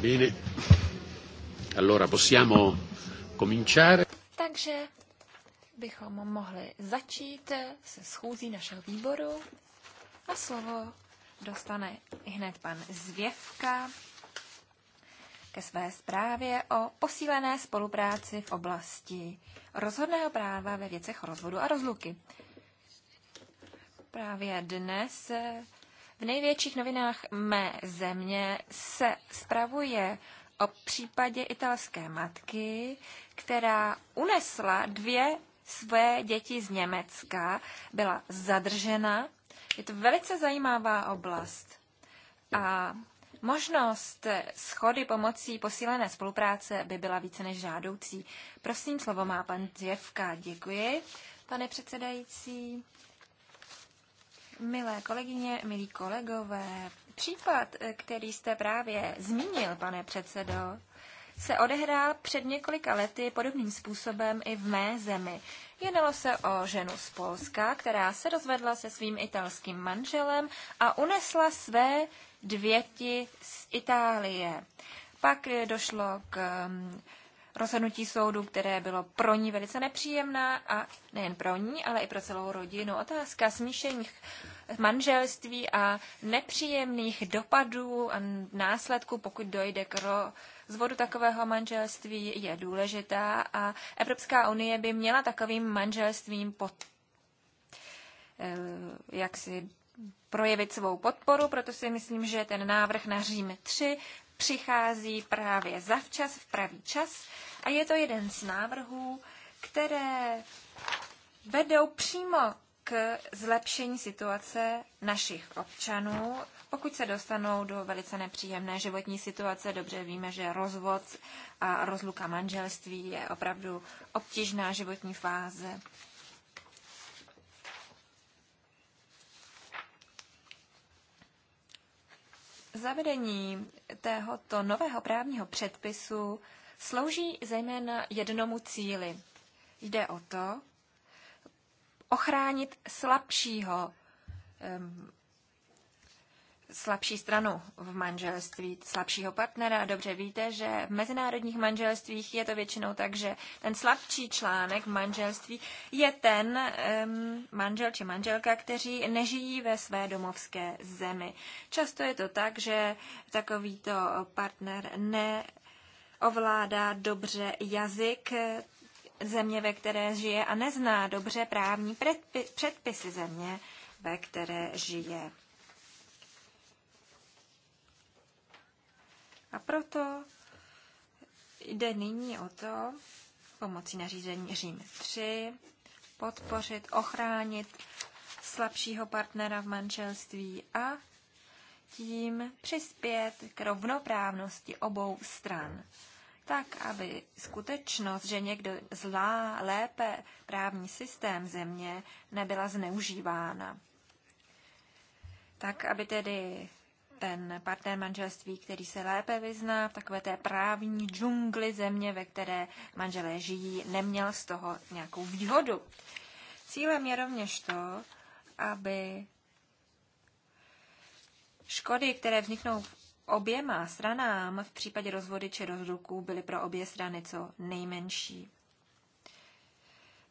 Bene. Allora possiamo cominciare. Takže bychom mohli začít se schůzí našeho výboru a slovo dostane hned pan Zvěvka ke své zprávě o posílené spolupráci v oblasti rozhodného práva ve věcech rozvodu a rozluky. Právě dnes v největších novinách mé země se zpravuje o případě italské matky, která unesla dvě své děti z Německa, byla zadržena. Je to velice zajímavá oblast. A možnost schody pomocí posílené spolupráce by byla více než žádoucí. Prosím, slovo má pan Děvka. Děkuji, pane předsedající. Milé kolegyně, milí kolegové, případ, který jste právě zmínil, pane předsedo, se odehrál před několika lety podobným způsobem i v mé zemi. Jednalo se o ženu z Polska, která se rozvedla se svým italským manželem a unesla své dvěti z Itálie. Pak došlo k rozhodnutí soudu, které bylo pro ní velice nepříjemná a nejen pro ní, ale i pro celou rodinu. Otázka smíšených manželství a nepříjemných dopadů a následků, pokud dojde k zvodu takového manželství, je důležitá a Evropská unie by měla takovým manželstvím pod, eh, jak si projevit svou podporu, proto si myslím, že ten návrh na Řím 3 přichází právě zavčas, v pravý čas a je to jeden z návrhů, které vedou přímo k zlepšení situace našich občanů, pokud se dostanou do velice nepříjemné životní situace. Dobře víme, že rozvod a rozluka manželství je opravdu obtížná životní fáze Zavedení tohoto nového právního předpisu slouží zejména jednomu cíli. Jde o to, ochránit slabšího slabší stranu v manželství, slabšího partnera. Dobře víte, že v mezinárodních manželstvích je to většinou tak, že ten slabší článek v manželství je ten um, manžel či manželka, kteří nežijí ve své domovské zemi. Často je to tak, že takovýto partner neovládá dobře jazyk země, ve které žije a nezná dobře právní předpisy země, ve které žije. A proto jde nyní o to, pomocí nařízení Řím 3, podpořit, ochránit slabšího partnera v manželství a tím přispět k rovnoprávnosti obou stran. Tak, aby skutečnost, že někdo zlá lépe právní systém země, nebyla zneužívána. Tak, aby tedy ten partner manželství, který se lépe vyzná v takové té právní džungli země, ve které manželé žijí, neměl z toho nějakou výhodu. Cílem je rovněž to, aby škody, které vzniknou v oběma stranám v případě rozvody či rozruku, byly pro obě strany co nejmenší.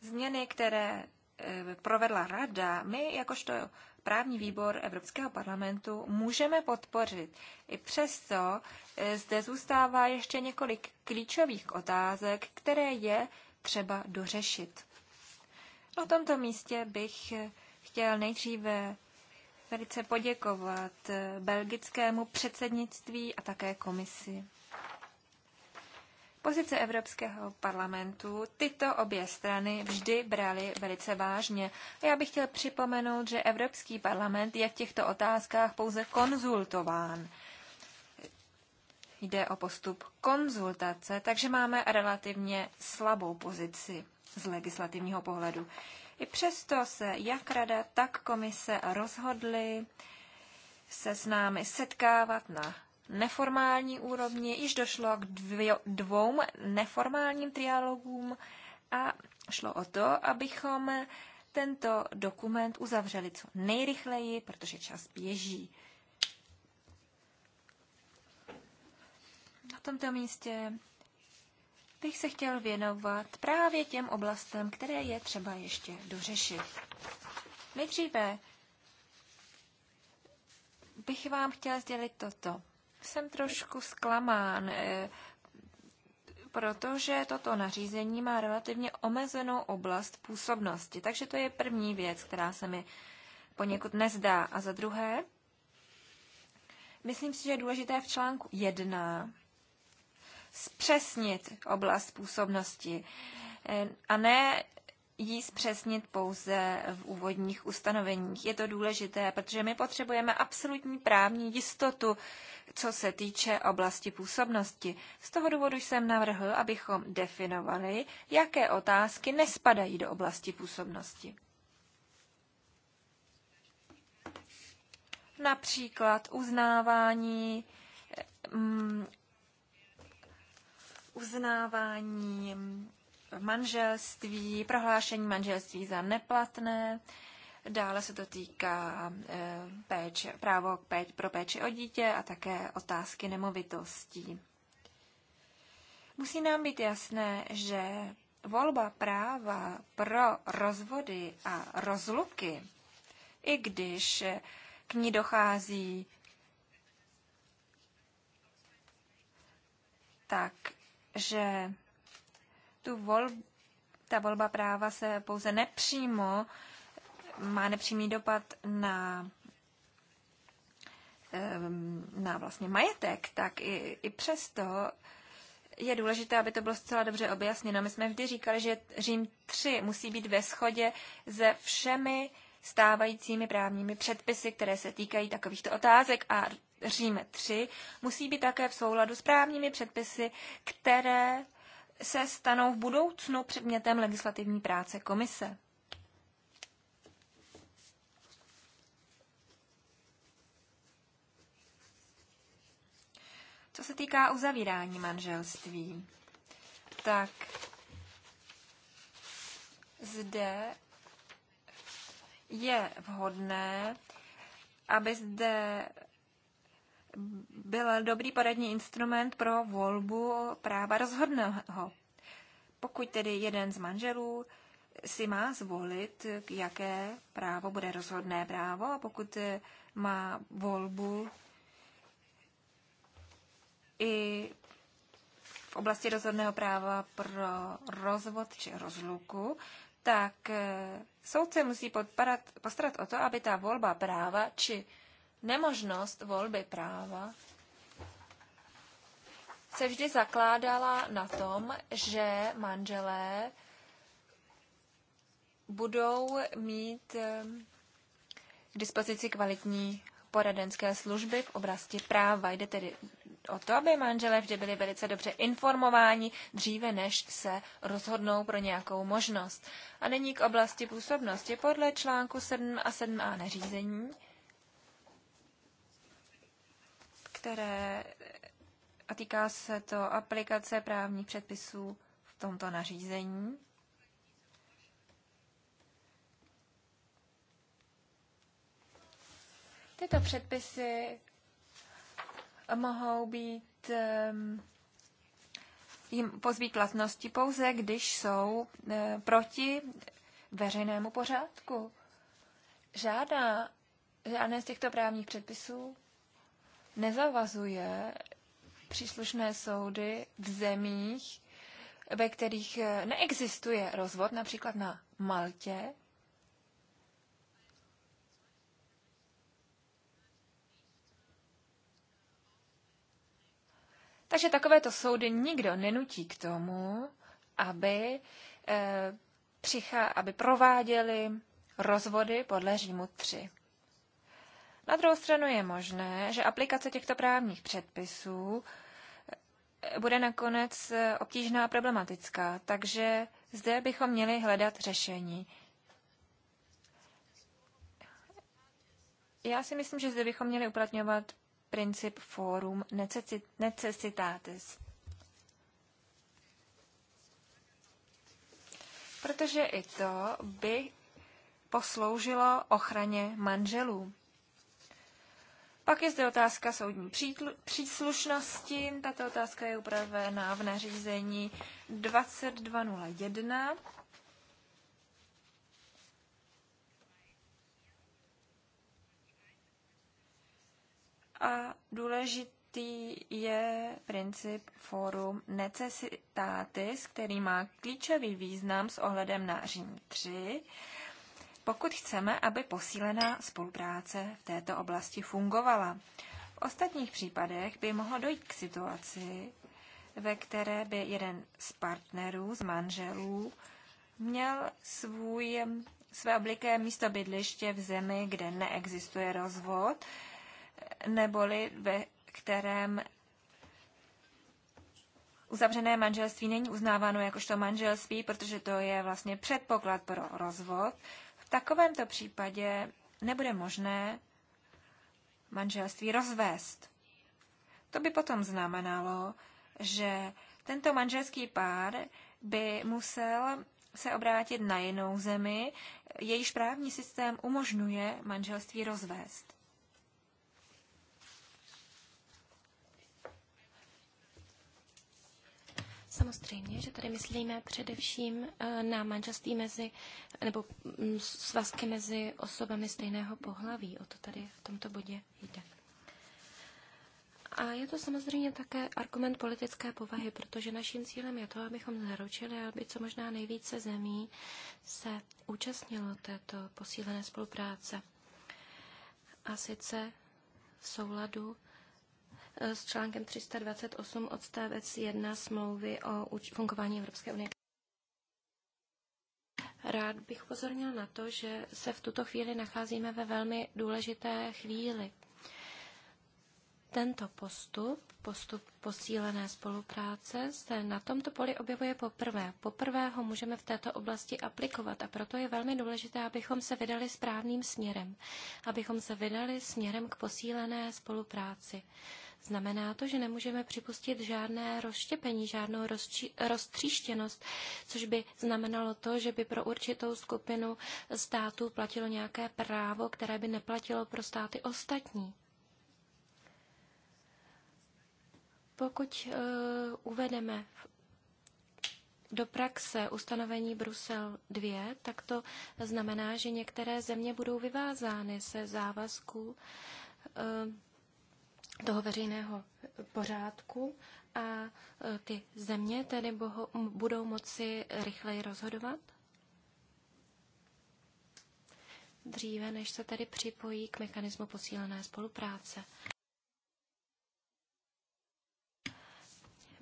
Změny, které eh, provedla rada, my jakožto právní výbor Evropského parlamentu můžeme podpořit. I přesto e, zde zůstává ještě několik klíčových otázek, které je třeba dořešit. Na tomto místě bych chtěl nejdříve velice poděkovat e, belgickému předsednictví a také komisi. Pozice Evropského parlamentu tyto obě strany vždy brali velice vážně. A já bych chtěl připomenout, že Evropský parlament je v těchto otázkách pouze konzultován. Jde o postup konzultace, takže máme relativně slabou pozici z legislativního pohledu. I přesto se jak rada, tak komise rozhodly se s námi setkávat na neformální úrovni. Již došlo k dvě, dvou neformálním trialogům a šlo o to, abychom tento dokument uzavřeli co nejrychleji, protože čas běží. Na tomto místě bych se chtěl věnovat právě těm oblastem, které je třeba ještě dořešit. Nejdříve bych vám chtěla sdělit toto jsem trošku zklamán, eh, protože toto nařízení má relativně omezenou oblast působnosti. Takže to je první věc, která se mi poněkud nezdá. A za druhé, myslím si, že je důležité v článku 1 zpřesnit oblast působnosti eh, a ne jí zpřesnit pouze v úvodních ustanoveních. Je to důležité, protože my potřebujeme absolutní právní jistotu co se týče oblasti působnosti. Z toho důvodu jsem navrhl, abychom definovali, jaké otázky nespadají do oblasti působnosti. Například uznávání um, uznávání manželství, prohlášení manželství za neplatné, uh, Dále se to týká eh, péče, právo pro péči o dítě a také otázky nemovitostí. Musí nám být jasné, že volba práva pro rozvody a rozluky, i když k ní dochází, tak, že tu volb, ta volba práva se pouze nepřímo má nepřímý dopad na na vlastně majetek, tak i, i přesto je důležité, aby to bylo zcela dobře objasněno. My jsme vždy říkali, že Řím 3 musí být ve shodě se všemi stávajícími právními předpisy, které se týkají takovýchto otázek a Řím 3 musí být také v souladu s právními předpisy, které se stanou v budoucnu předmětem legislativní práce komise. Co se týká uzavírání manželství, tak zde je vhodné, aby zde byl dobrý poradní instrument pro volbu práva rozhodného. Pokud tedy jeden z manželů si má zvolit, jaké právo bude rozhodné právo a pokud má volbu i v oblasti rozhodného práva pro rozvod či rozluku, tak eh, soudce musí podparat, postarat o to, aby ta volba práva či nemožnost volby práva se vždy zakládala na tom, že manželé budou mít eh, k dispozici kvalitní poradenské služby v oblasti práva. Jde tedy o to, aby manželé vždy byli velice dobře informováni dříve, než se rozhodnou pro nějakou možnost. A není k oblasti působnosti. Podle článku 7 a 7a nařízení, které a týká se to aplikace právních předpisů v tomto nařízení, Tyto předpisy mohou být ehm, jim pozbít platnosti pouze, když jsou eh, proti veřejnému pořádku. Žádná, žádné z těchto právních předpisů nezavazuje příslušné soudy v zemích, ve kterých eh, neexistuje rozvod, například na Maltě, Takže takovéto soudy nikdo nenutí k tomu, aby, e, přichá, aby prováděli rozvody podle Římu 3. Na druhou stranu je možné, že aplikace těchto právních předpisů eh, bude nakonec eh, obtížná a problematická, takže zde bychom měli hledat řešení. Já si myslím, že zde bychom měli uplatňovat princip forum necessitatis. Protože i to by posloužilo ochraně manželů. Pak je zde otázka soudní příslušnosti. Tato otázka je upravená v nařízení 2201 A důležitý je princip forum necessitatis, který má klíčový význam s ohledem na Řím 3, pokud chceme, aby posílená spolupráce v této oblasti fungovala. V ostatních případech by mohlo dojít k situaci, ve které by jeden z partnerů, z manželů, měl svůj, své obliké místo bydliště v zemi, kde neexistuje rozvod neboli ve kterém uzavřené manželství není uznáváno jakožto manželství, protože to je vlastně předpoklad pro rozvod. V takovémto případě nebude možné manželství rozvést. To by potom znamenalo, že tento manželský pár by musel se obrátit na jinou zemi, jejíž právní systém umožňuje manželství rozvést. Samozřejmě, že tady myslíme především eh, na manželství mezi, nebo mm, svazky mezi osobami stejného pohlaví. O to tady v tomto bodě jde. A je to samozřejmě také argument politické povahy, protože naším cílem je to, abychom zaručili, aby co možná nejvíce zemí se účastnilo této posílené spolupráce. A sice v souladu Eh, s článkem 328 odstavec 1 smlouvy o fungování Evropské unie. Rád bych pozornil na to, že se v tuto chvíli nacházíme ve velmi důležité chvíli. Tento postup, postup posílené spolupráce, se na tomto poli objevuje poprvé. Poprvé ho můžeme v této oblasti aplikovat a proto je velmi důležité, abychom se vydali správným směrem, abychom se vydali směrem k posílené spolupráci. Znamená to, že nemůžeme připustit žádné rozštěpení, žádnou rozči- roztříštěnost, což by znamenalo to, že by pro určitou skupinu států platilo nějaké právo, které by neplatilo pro státy ostatní. Pokud eh, uvedeme do praxe ustanovení Brusel 2, tak to znamená, že některé země budou vyvázány se závazků eh, toho veřejného pořádku a eh, ty země tedy boho, budou moci rychleji rozhodovat? Dříve, než se tedy připojí k mechanismu posílené spolupráce.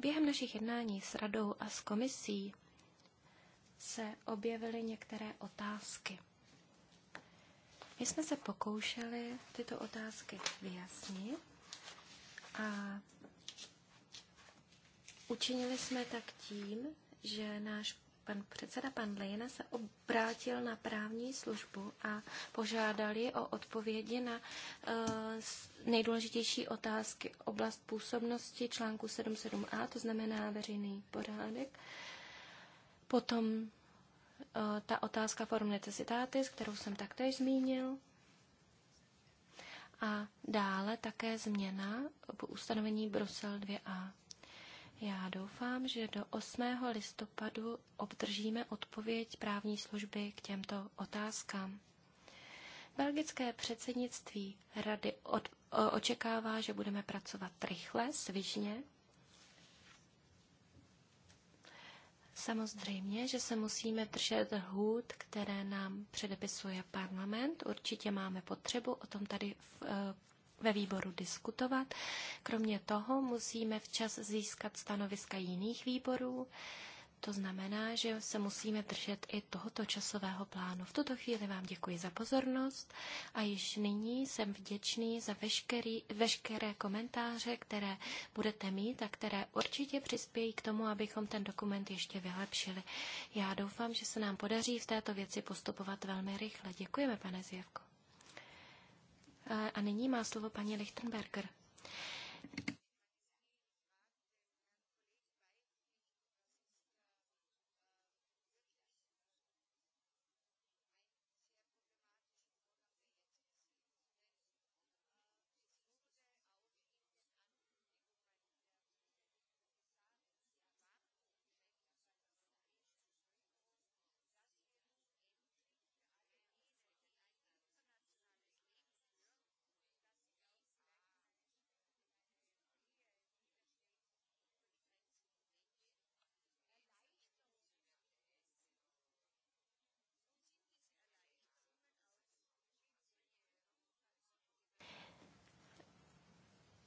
Během našich jednání s radou a s komisí se objevily některé otázky. My jsme se pokoušeli tyto otázky vyjasnit a učinili jsme tak tím, že náš pan předseda Pandlejna se obrátil na právní službu a požádali o odpovědi na eh, nejdůležitější otázky oblast působnosti článku 77a, to znamená veřejný pořádek. Potom eh, ta otázka forum necessitatis, kterou jsem taktéž zmínil. A dále také změna po ustanovení Brusel 2a. Já doufám, že do 8. listopadu obdržíme odpověď právní služby k těmto otázkám. Belgické předsednictví rady od, o, očekává, že budeme pracovat rychle, svižně. Samozřejmě, že se musíme držet hůd, které nám předepisuje parlament. Určitě máme potřebu, o tom tady v, v ve výboru diskutovat. Kromě toho musíme včas získat stanoviska jiných výborů. To znamená, že se musíme držet i tohoto časového plánu. V tuto chvíli vám děkuji za pozornost a již nyní jsem vděčný za veškerý, veškeré komentáře, které budete mít a které určitě přispějí k tomu, abychom ten dokument ještě vylepšili. Já doufám, že se nám podaří v této věci postupovat velmi rychle. Děkujeme, pane Zjevko. A nyní má slovo paní Lichtenberger.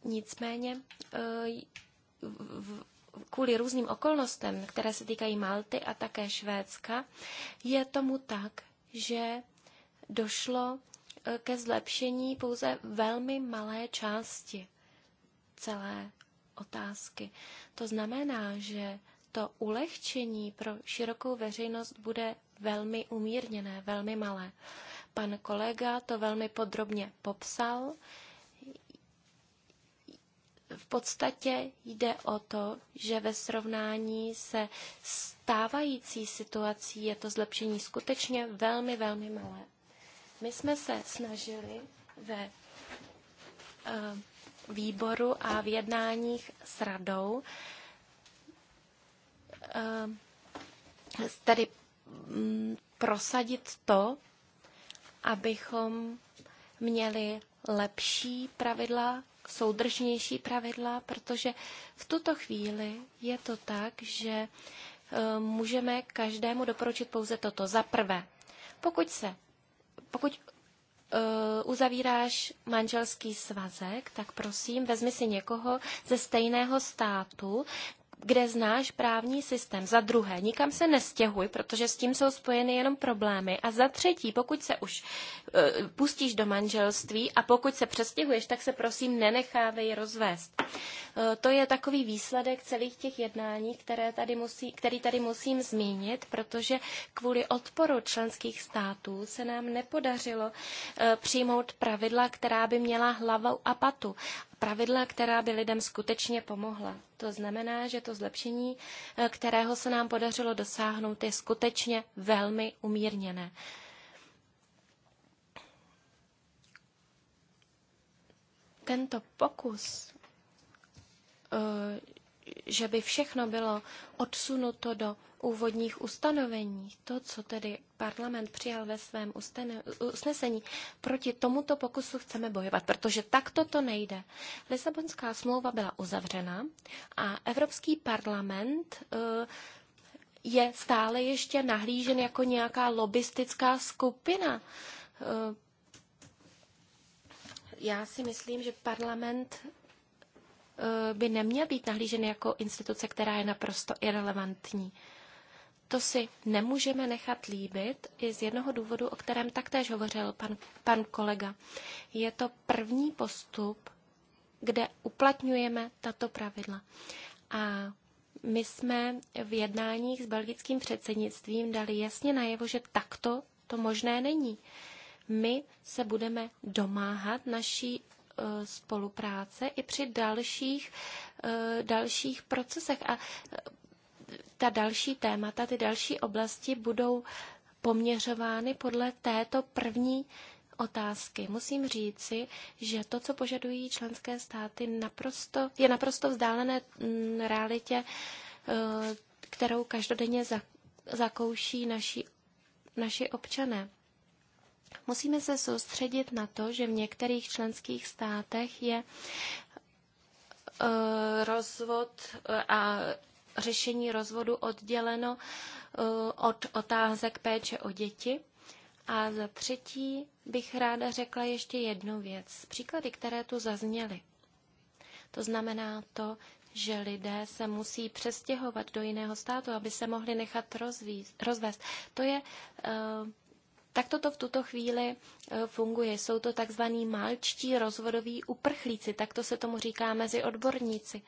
Nicméně e, kvůli různým okolnostem, které se týkají Malty a také Švédska, je tomu tak, že došlo e, ke zlepšení pouze velmi malé části celé otázky. To znamená, že to ulehčení pro širokou veřejnost bude velmi umírněné, velmi malé. Pan kolega to velmi podrobně popsal podstatě jde o to, že ve srovnání se stávající situací je to zlepšení skutečně velmi, velmi malé. My jsme se snažili ve eh, výboru a v jednáních s radou eh, tedy mm, prosadit to, abychom měli lepší pravidla soudržnější pravidla, protože v tuto chvíli je to tak, že e, můžeme každému doporučit pouze toto. Za prvé, pokud se, pokud e, uzavíráš manželský svazek, tak prosím, vezmi si někoho ze stejného státu, kde znáš právní systém. Za druhé, nikam se nestěhuj, protože s tím jsou spojeny jenom problémy. A za třetí, pokud se už uh, pustíš do manželství a pokud se přestěhuješ, tak se prosím nenechávej rozvést. Eh, to je takový výsledek celých těch jednání, které tady musí, který tady musím zmínit, protože kvůli odporu členských států se nám nepodařilo eh, přijmout pravidla, která by měla hlavu a patu. Pravidla, která by lidem skutečně pomohla. To znamená, že to zlepšení, eh, kterého se nám podařilo dosáhnout, je skutečně velmi umírněné. tento pokus Eh, že by všechno bylo odsunuto do úvodních ustanovení. To, co tedy parlament přijal ve svém usnesení, proti tomuto pokusu chceme bojovat, protože takto to nejde. Lisabonská smlouva byla uzavřena a Evropský parlament eh, je stále ještě nahlížen jako nějaká lobistická skupina. Eh, já si myslím, že parlament Eh, by neměl být nahlížen jako instituce, která je naprosto irrelevantní. To si nemůžeme nechat líbit i z jednoho důvodu, o kterém taktéž hovořil pan, pan kolega. Je to první postup, kde uplatňujeme tato pravidla. A my jsme v jednáních s belgickým předsednictvím dali jasně najevo, že takto to možné není. My se budeme domáhat naší Eh, spolupráce i při dalších, eh, dalších procesech. A eh, ta další témata, ty další oblasti budou poměřovány podle této první otázky. Musím říci, že to, co požadují členské státy, naprosto, je naprosto vzdálené mm, realitě, kterou každodenně zakouší naši, naši občané. Musíme se soustředit na to, že v některých členských státech je e, rozvod e, a řešení rozvodu odděleno e, od otázek péče o děti. A za třetí bych ráda řekla ještě jednu věc. Příklady, které tu zazněly. To znamená to, že lidé se musí přestěhovat do jiného státu, aby se mohli nechat rozvíz, rozvést. To je tak toto v tuto chvíli e, funguje. Jsou to takzvaní malčtí rozvodoví uprchlíci, tak to se tomu říká mezi odborníci.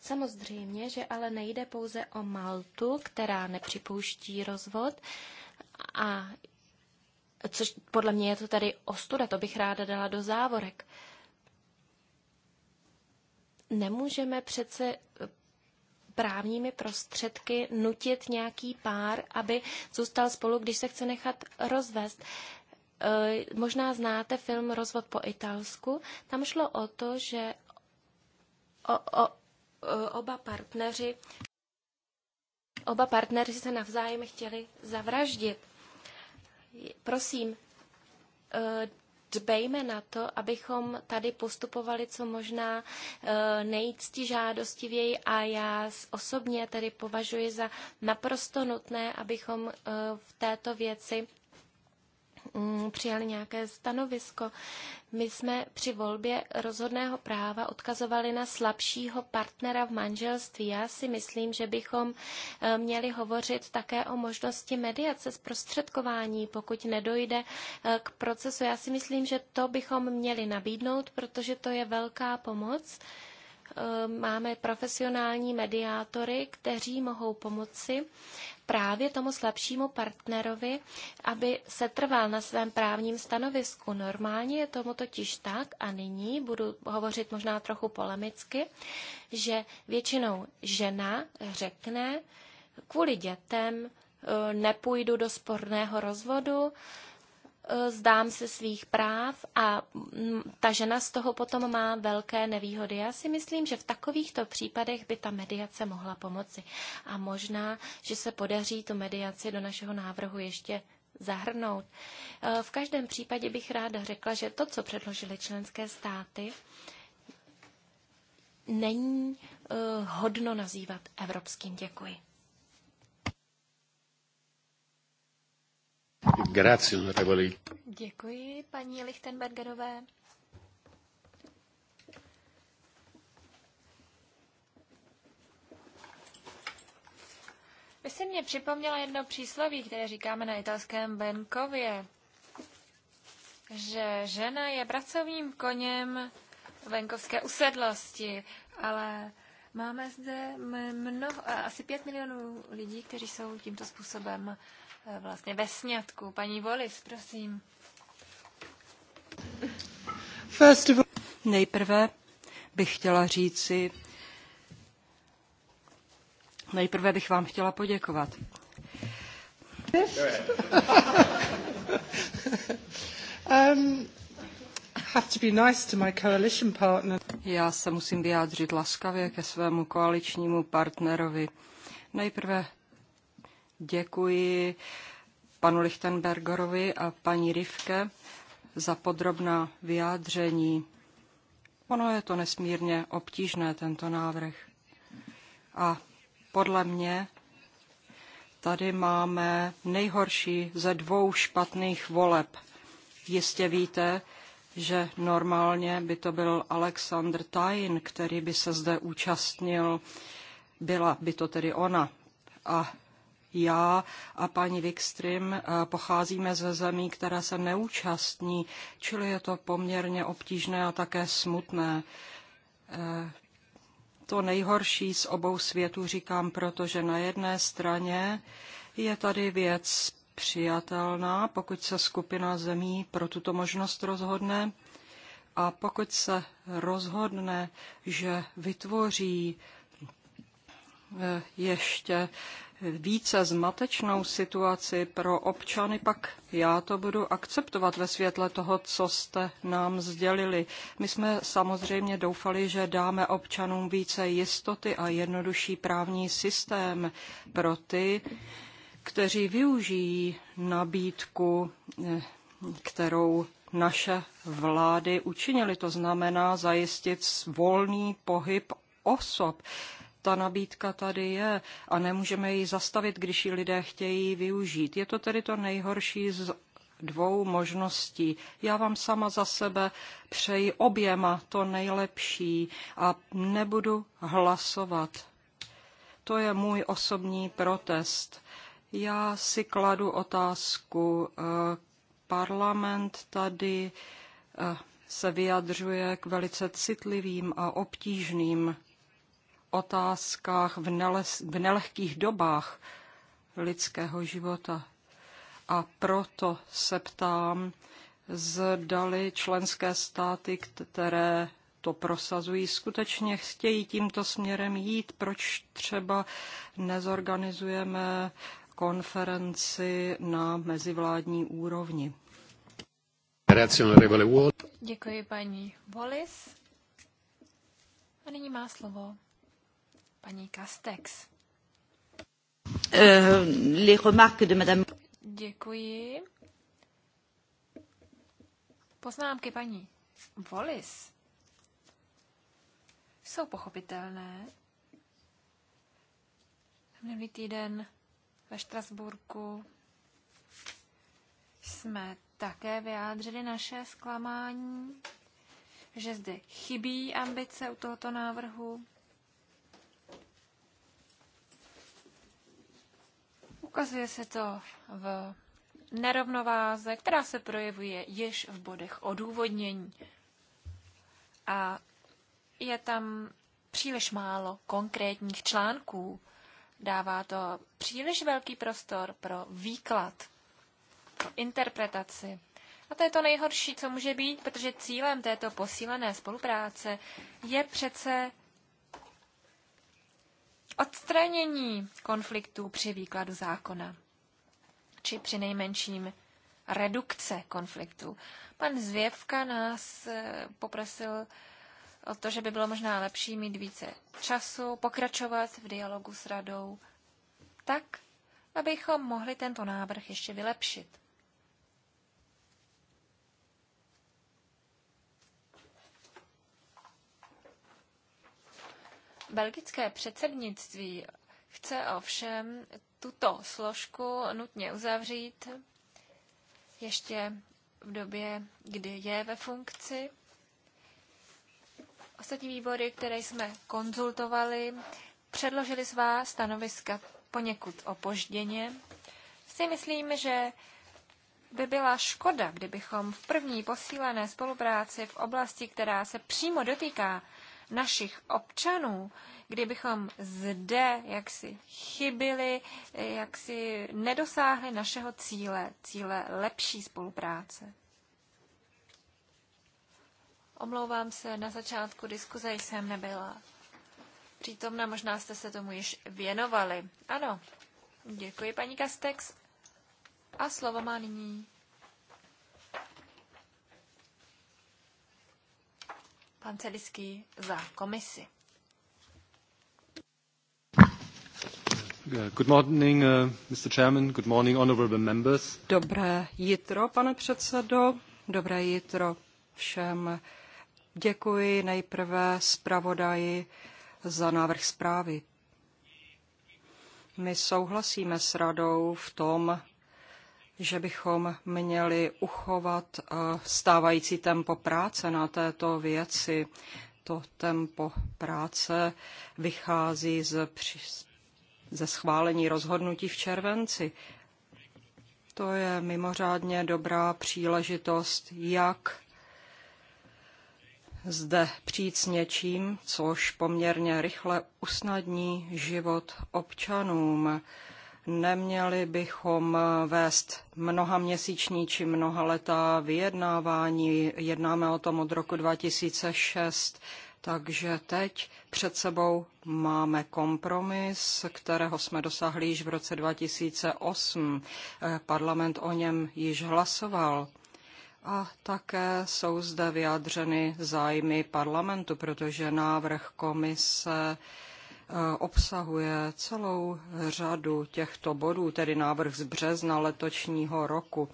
Samozřejmě, že ale nejde pouze o Maltu, která nepřipouští rozvod a což podle mě je to tady ostuda, to bych ráda dala do závorek. Nemůžeme přece právními prostředky nutit nějaký pár, aby zůstal spolu, když se chce nechat rozvést. E, možná znáte film Rozvod po italsku. Tam šlo o to, že o, o, e, oba partneři oba partneři se navzájem chtěli zavraždit. Prosím, e, dbejme na to, abychom tady postupovali co možná eh, nejcti žádostivěji a já osobně tady považuji za naprosto nutné, abychom eh, v této věci Mm, přijali nějaké stanovisko. My jsme při volbě rozhodného práva odkazovali na slabšího partnera v manželství. Já si myslím, že bychom eh, měli hovořit také o možnosti mediace, zprostředkování, pokud nedojde eh, k procesu. Já si myslím, že to bychom měli nabídnout, protože to je velká pomoc. Ehm, máme profesionální mediátory, kteří mohou pomoci právě tomu slabšímu partnerovi, aby se trval na svém právním stanovisku. Normálně je tomu totiž tak, a nyní budu hovořit možná trochu polemicky, že většinou žena řekne, kvůli dětem ehm, nepůjdu do sporného rozvodu, E, zdám se svých práv a ta žena z toho potom má velké nevýhody. Já si myslím, že v takovýchto případech by ta mediace mohla pomoci. A možná, že se podaří tu mediaci do našeho návrhu ještě zahrnout. E, v každém případě bych ráda řekla, že to, co předložili členské státy, není e, hodno nazývat evropským. Děkuji. Grazie, onorevoli. Děkuji paní Lichtenbergerové. Vy jste mě připomněla jedno přísloví, které říkáme na italském venkově, že žena je pracovním koněm venkovské usedlosti, ale máme zde mnoho, asi pět milionů lidí, kteří jsou tímto způsobem vlastně ve snědku. Paní Volis, prosím. Festival. Nejprve bych chtěla říci, nejprve bych vám chtěla poděkovat. um, have to be nice to my coalition partner. Já se musím vyjádřit laskavě ke svému koaličnímu partnerovi. Nejprve Děkuji panu Lichtenbergerovi a paní Rivke za podrobná vyjádření. Ono je to nesmírně obtížné, tento návrh. A podle mě tady máme nejhorší ze dvou špatných voleb. Jistě víte, že normálně by to byl Alexander Tain, který by se zde účastnil. Byla by to tedy ona. A já a paní Wikström eh, pocházíme ze zemí, které se neúčastní, čili je to poměrně obtížné a také smutné. Eh, to nejhorší z obou světů říkám, protože na jedné straně je tady věc přijatelná, pokud se skupina zemí pro tuto možnost rozhodne. A pokud se rozhodne, že vytvoří eh, ještě více zmatečnou situaci pro občany, pak já to budu akceptovat ve světle toho, co jste nám sdělili. My jsme samozřejmě doufali, že dáme občanům více jistoty a jednodušší právní systém pro ty, kteří využijí nabídku, eh, kterou naše vlády učinily. To znamená zajistit volný pohyb osob ta nabídka tady je a nemůžeme ji zastavit, když ji lidé chtějí využít. Je to tedy to nejhorší z dvou možností. Já vám sama za sebe přeji oběma to nejlepší a nebudu hlasovat. To je můj osobní protest. Já si kladu otázku. Eh, parlament tady eh, se vyjadřuje k velice citlivým a obtížným otázkách v, v nelehkých dobách lidského života. A proto se ptám, zdali členské státy, které to prosazují, skutečně chtějí tímto směrem jít. Proč třeba nezorganizujeme konferenci na mezivládní úrovni? Děkuji paní Wallis. A nyní má slovo Paní Castex. Uh, les remarques de madame... Děkuji. Poznámky paní Volis jsou pochopitelné. Minulý týden ve Štrasburku jsme také vyjádřili naše zklamání, že zde chybí ambice u tohoto návrhu. Ukazuje se to v nerovnováze, která se projevuje již v bodech odůvodnění. A je tam příliš málo konkrétních článků. Dává to příliš velký prostor pro výklad, pro interpretaci. A to je to nejhorší, co může být, protože cílem této posílené spolupráce je přece odstranění konfliktů při výkladu zákona, či při nejmenším redukce konfliktů. Pan Zvěvka nás eh, poprosil o to, že by bylo možná lepší mít více času, pokračovat v dialogu s radou, tak, abychom mohli tento návrh ještě vylepšit. Belgické předsednictví chce ovšem tuto složku nutně uzavřít ještě v době, kdy je ve funkci. Ostatní výbory, které jsme konzultovali, předložili svá stanoviska poněkud opožděně. Si myslím, že by byla škoda, kdybychom v první posílené spolupráci v oblasti, která se přímo dotýká našich občanů, kdybychom zde jaksi chybili, jaksi nedosáhli našeho cíle, cíle lepší spolupráce. Omlouvám se, na začátku diskuze jsem nebyla přítomna, možná jste se tomu již věnovali. Ano, děkuji paní Kastex. A slovo má nyní Pan Celický za komisi. Uh, good morning, uh, Mr. Chairman. Good morning, honorable members. Dobré jitro, pane předsedo. Dobré jitro všem. Děkuji nejprve zpravodaji za návrh zprávy. My souhlasíme s radou v tom, že bychom měli uchovat eh, stávající tempo práce na této věci. To tempo práce vychází z, ze schválení rozhodnutí v červenci. To je mimořádně dobrá příležitost, jak zde přijít s něčím, což poměrně rychle usnadní život občanům. Neměli bychom vést měsíční či mnoha letá vyjednávání. Jednáme o tom od roku 2006, takže teď před sebou máme kompromis, kterého jsme dosáhli již v roce 2008. Parlament o něm již hlasoval. A také jsou zde vyjádřeny zájmy parlamentu, protože návrh komise obsahuje celou řadu těchto bodů, tedy návrh z března letošního roku.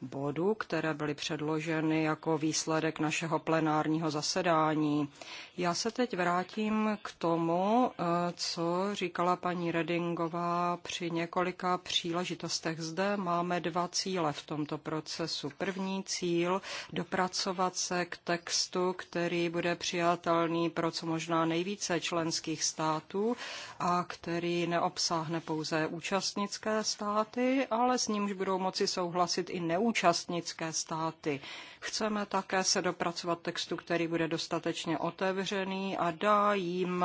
Bodů, které byly předloženy jako výsledek našeho plenárního zasedání. Já se teď vrátím k tomu, eh, co říkala paní Redingová při několika příležitostech. Zde máme dva cíle v tomto procesu. První cíl dopracovat se k textu, který bude přijatelný pro co možná nejvíce členských států a který neobsáhne pouze účastnické státy, ale s nímž budou moci souhlasit i neúčastnické státy. Chceme také se dopracovat textu, který bude dostatečně otevřený otevřený a dá jim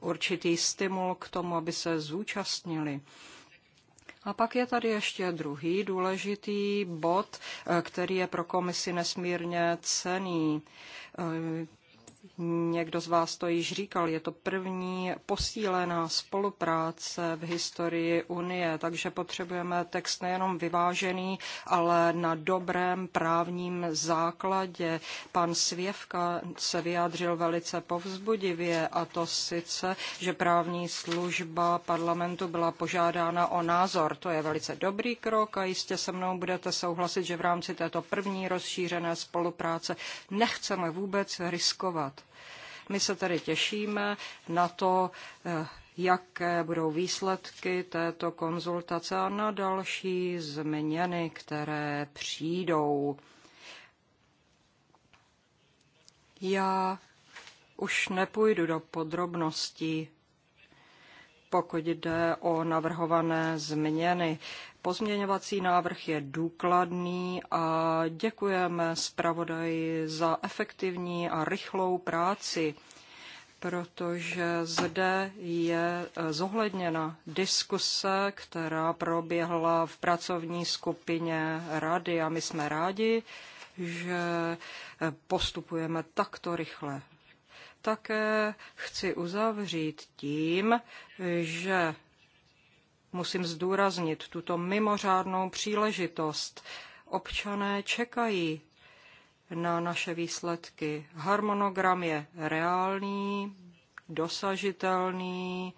určitý stimul k tomu, aby se zúčastnili. A pak je tady ještě druhý důležitý bod, eh, který je pro komisi nesmírně cený. Eh, Někdo z vás to již říkal, je to první posílená spolupráce v historii Unie, takže potřebujeme text nejenom vyvážený, ale na dobrém právním základě. Pan Svěvka se vyjádřil velice povzbudivě a to sice, že právní služba parlamentu byla požádána o názor. To je velice dobrý krok a jistě se mnou budete souhlasit, že v rámci této první rozšířené spolupráce nechceme vůbec riskovat stát. My se tedy těšíme na to, eh, jaké budou výsledky této konzultace a na další změny, které přijdou. Já už nepůjdu do podrobností, pokud jde o navrhované změny. Pozměňovací návrh je důkladný a děkujeme zpravodaji za efektivní a rychlou práci, protože zde je eh, zohledněna diskuse, která proběhla v pracovní skupině rady a my jsme rádi, že eh, postupujeme takto rychle. Také chci uzavřít tím, že musím zdůraznit tuto mimořádnou příležitost. Občané čekají na naše výsledky. Harmonogram je reálný, dosažitelný,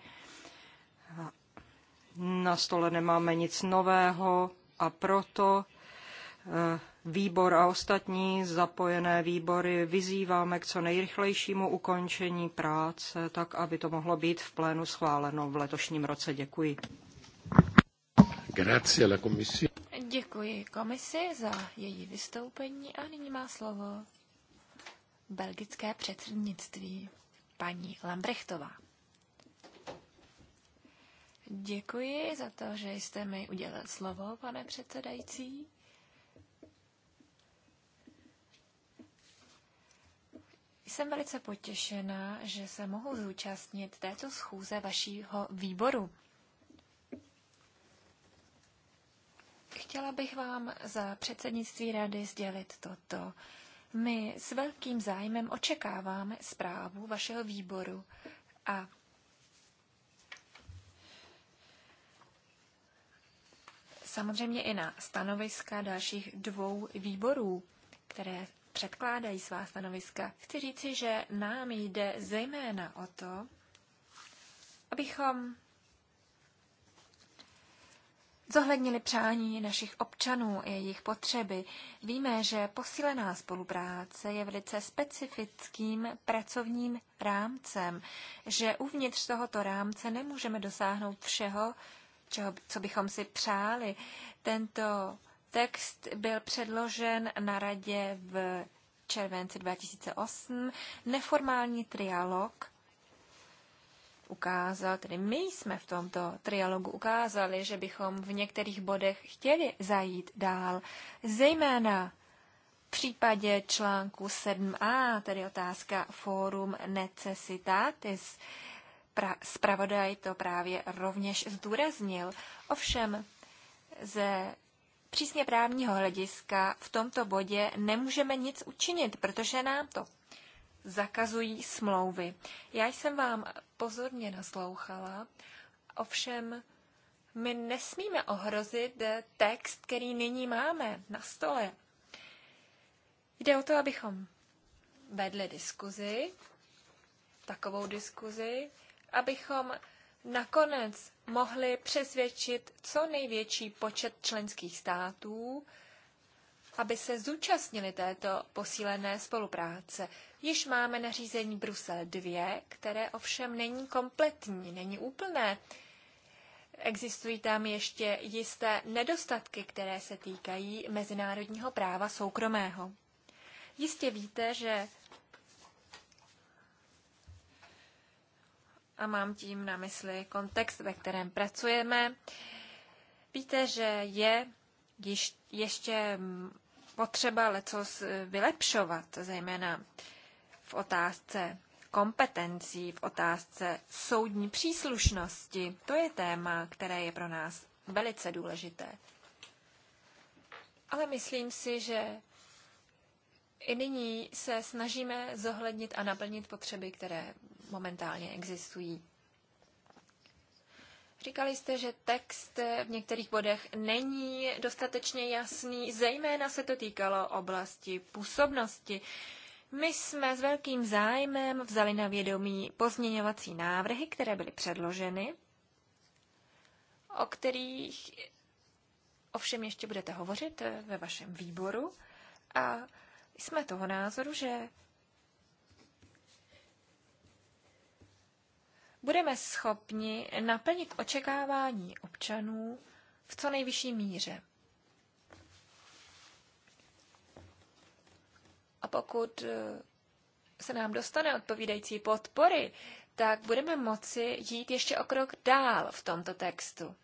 na stole nemáme nic nového a proto eh, výbor a ostatní zapojené výbory vyzýváme k co nejrychlejšímu ukončení práce, tak aby to mohlo být v plénu schváleno v letošním roce. Děkuji. Grazie alla Commissione. Děkuji komisi za její vystoupení a nyní má slovo belgické předsednictví paní Lambrechtová. Děkuji za to, že jste mi udělal slovo, pane předsedající. Jsem velice potěšena, že se mohu zúčastnit této schůze vašího výboru. Chtěla bych vám za předsednictví rady sdělit toto. My s velkým zájmem očekáváme zprávu vašeho výboru a samozřejmě i na stanoviska dalších dvou výborů, které předkládají svá stanoviska. Chci říci, že nám jde zejména o to, abychom zohlednili přání našich občanů i jejich potřeby. Víme, že posílená spolupráce je velice specifickým pracovním rámcem, že uvnitř tohoto rámce nemůžeme dosáhnout všeho, čeho, co bychom si přáli. Tento text byl předložen na radě v červenci 2008. Neformální trialog ukázal, tedy my jsme v tomto trialogu ukázali, že bychom v některých bodech chtěli zajít dál, zejména v případě článku 7a, tedy otázka Forum Necessitatis. Pra, spravodaj to právě rovněž zdůraznil. Ovšem, ze přísně právního hlediska v tomto bodě nemůžeme nic učinit, protože nám to zakazují smlouvy. Já jsem vám pozorně naslouchala, ovšem my nesmíme ohrozit text, který nyní máme na stole. Jde o to, abychom vedli diskuzi, takovou diskuzi, abychom nakonec mohli přesvědčit co největší počet členských států, aby se zúčastnili této posílené spolupráce. Již máme nařízení Brusel 2, které ovšem není kompletní, není úplné. Existují tam ještě jisté nedostatky, které se týkají mezinárodního práva soukromého. Jistě víte, že a mám tím na mysli kontext, ve kterém pracujeme. Víte, že je ještě potřeba lecos vylepšovat, zejména v otázce kompetencí, v otázce soudní příslušnosti. To je téma, které je pro nás velice důležité. Ale myslím si, že i nyní se snažíme zohlednit a naplnit potřeby, které momentálně existují. Říkali jste, že text v některých bodech není dostatečně jasný, zejména se to týkalo oblasti působnosti. My jsme s velkým zájmem vzali na vědomí pozměňovací návrhy, které byly předloženy, o kterých ovšem ještě budete hovořit ve vašem výboru. A jsme toho názoru, že budeme schopni naplnit očekávání občanů v co nejvyšší míře. A pokud eh, se nám dostane odpovídající podpory, tak budeme moci jít ještě o krok dál v tomto textu,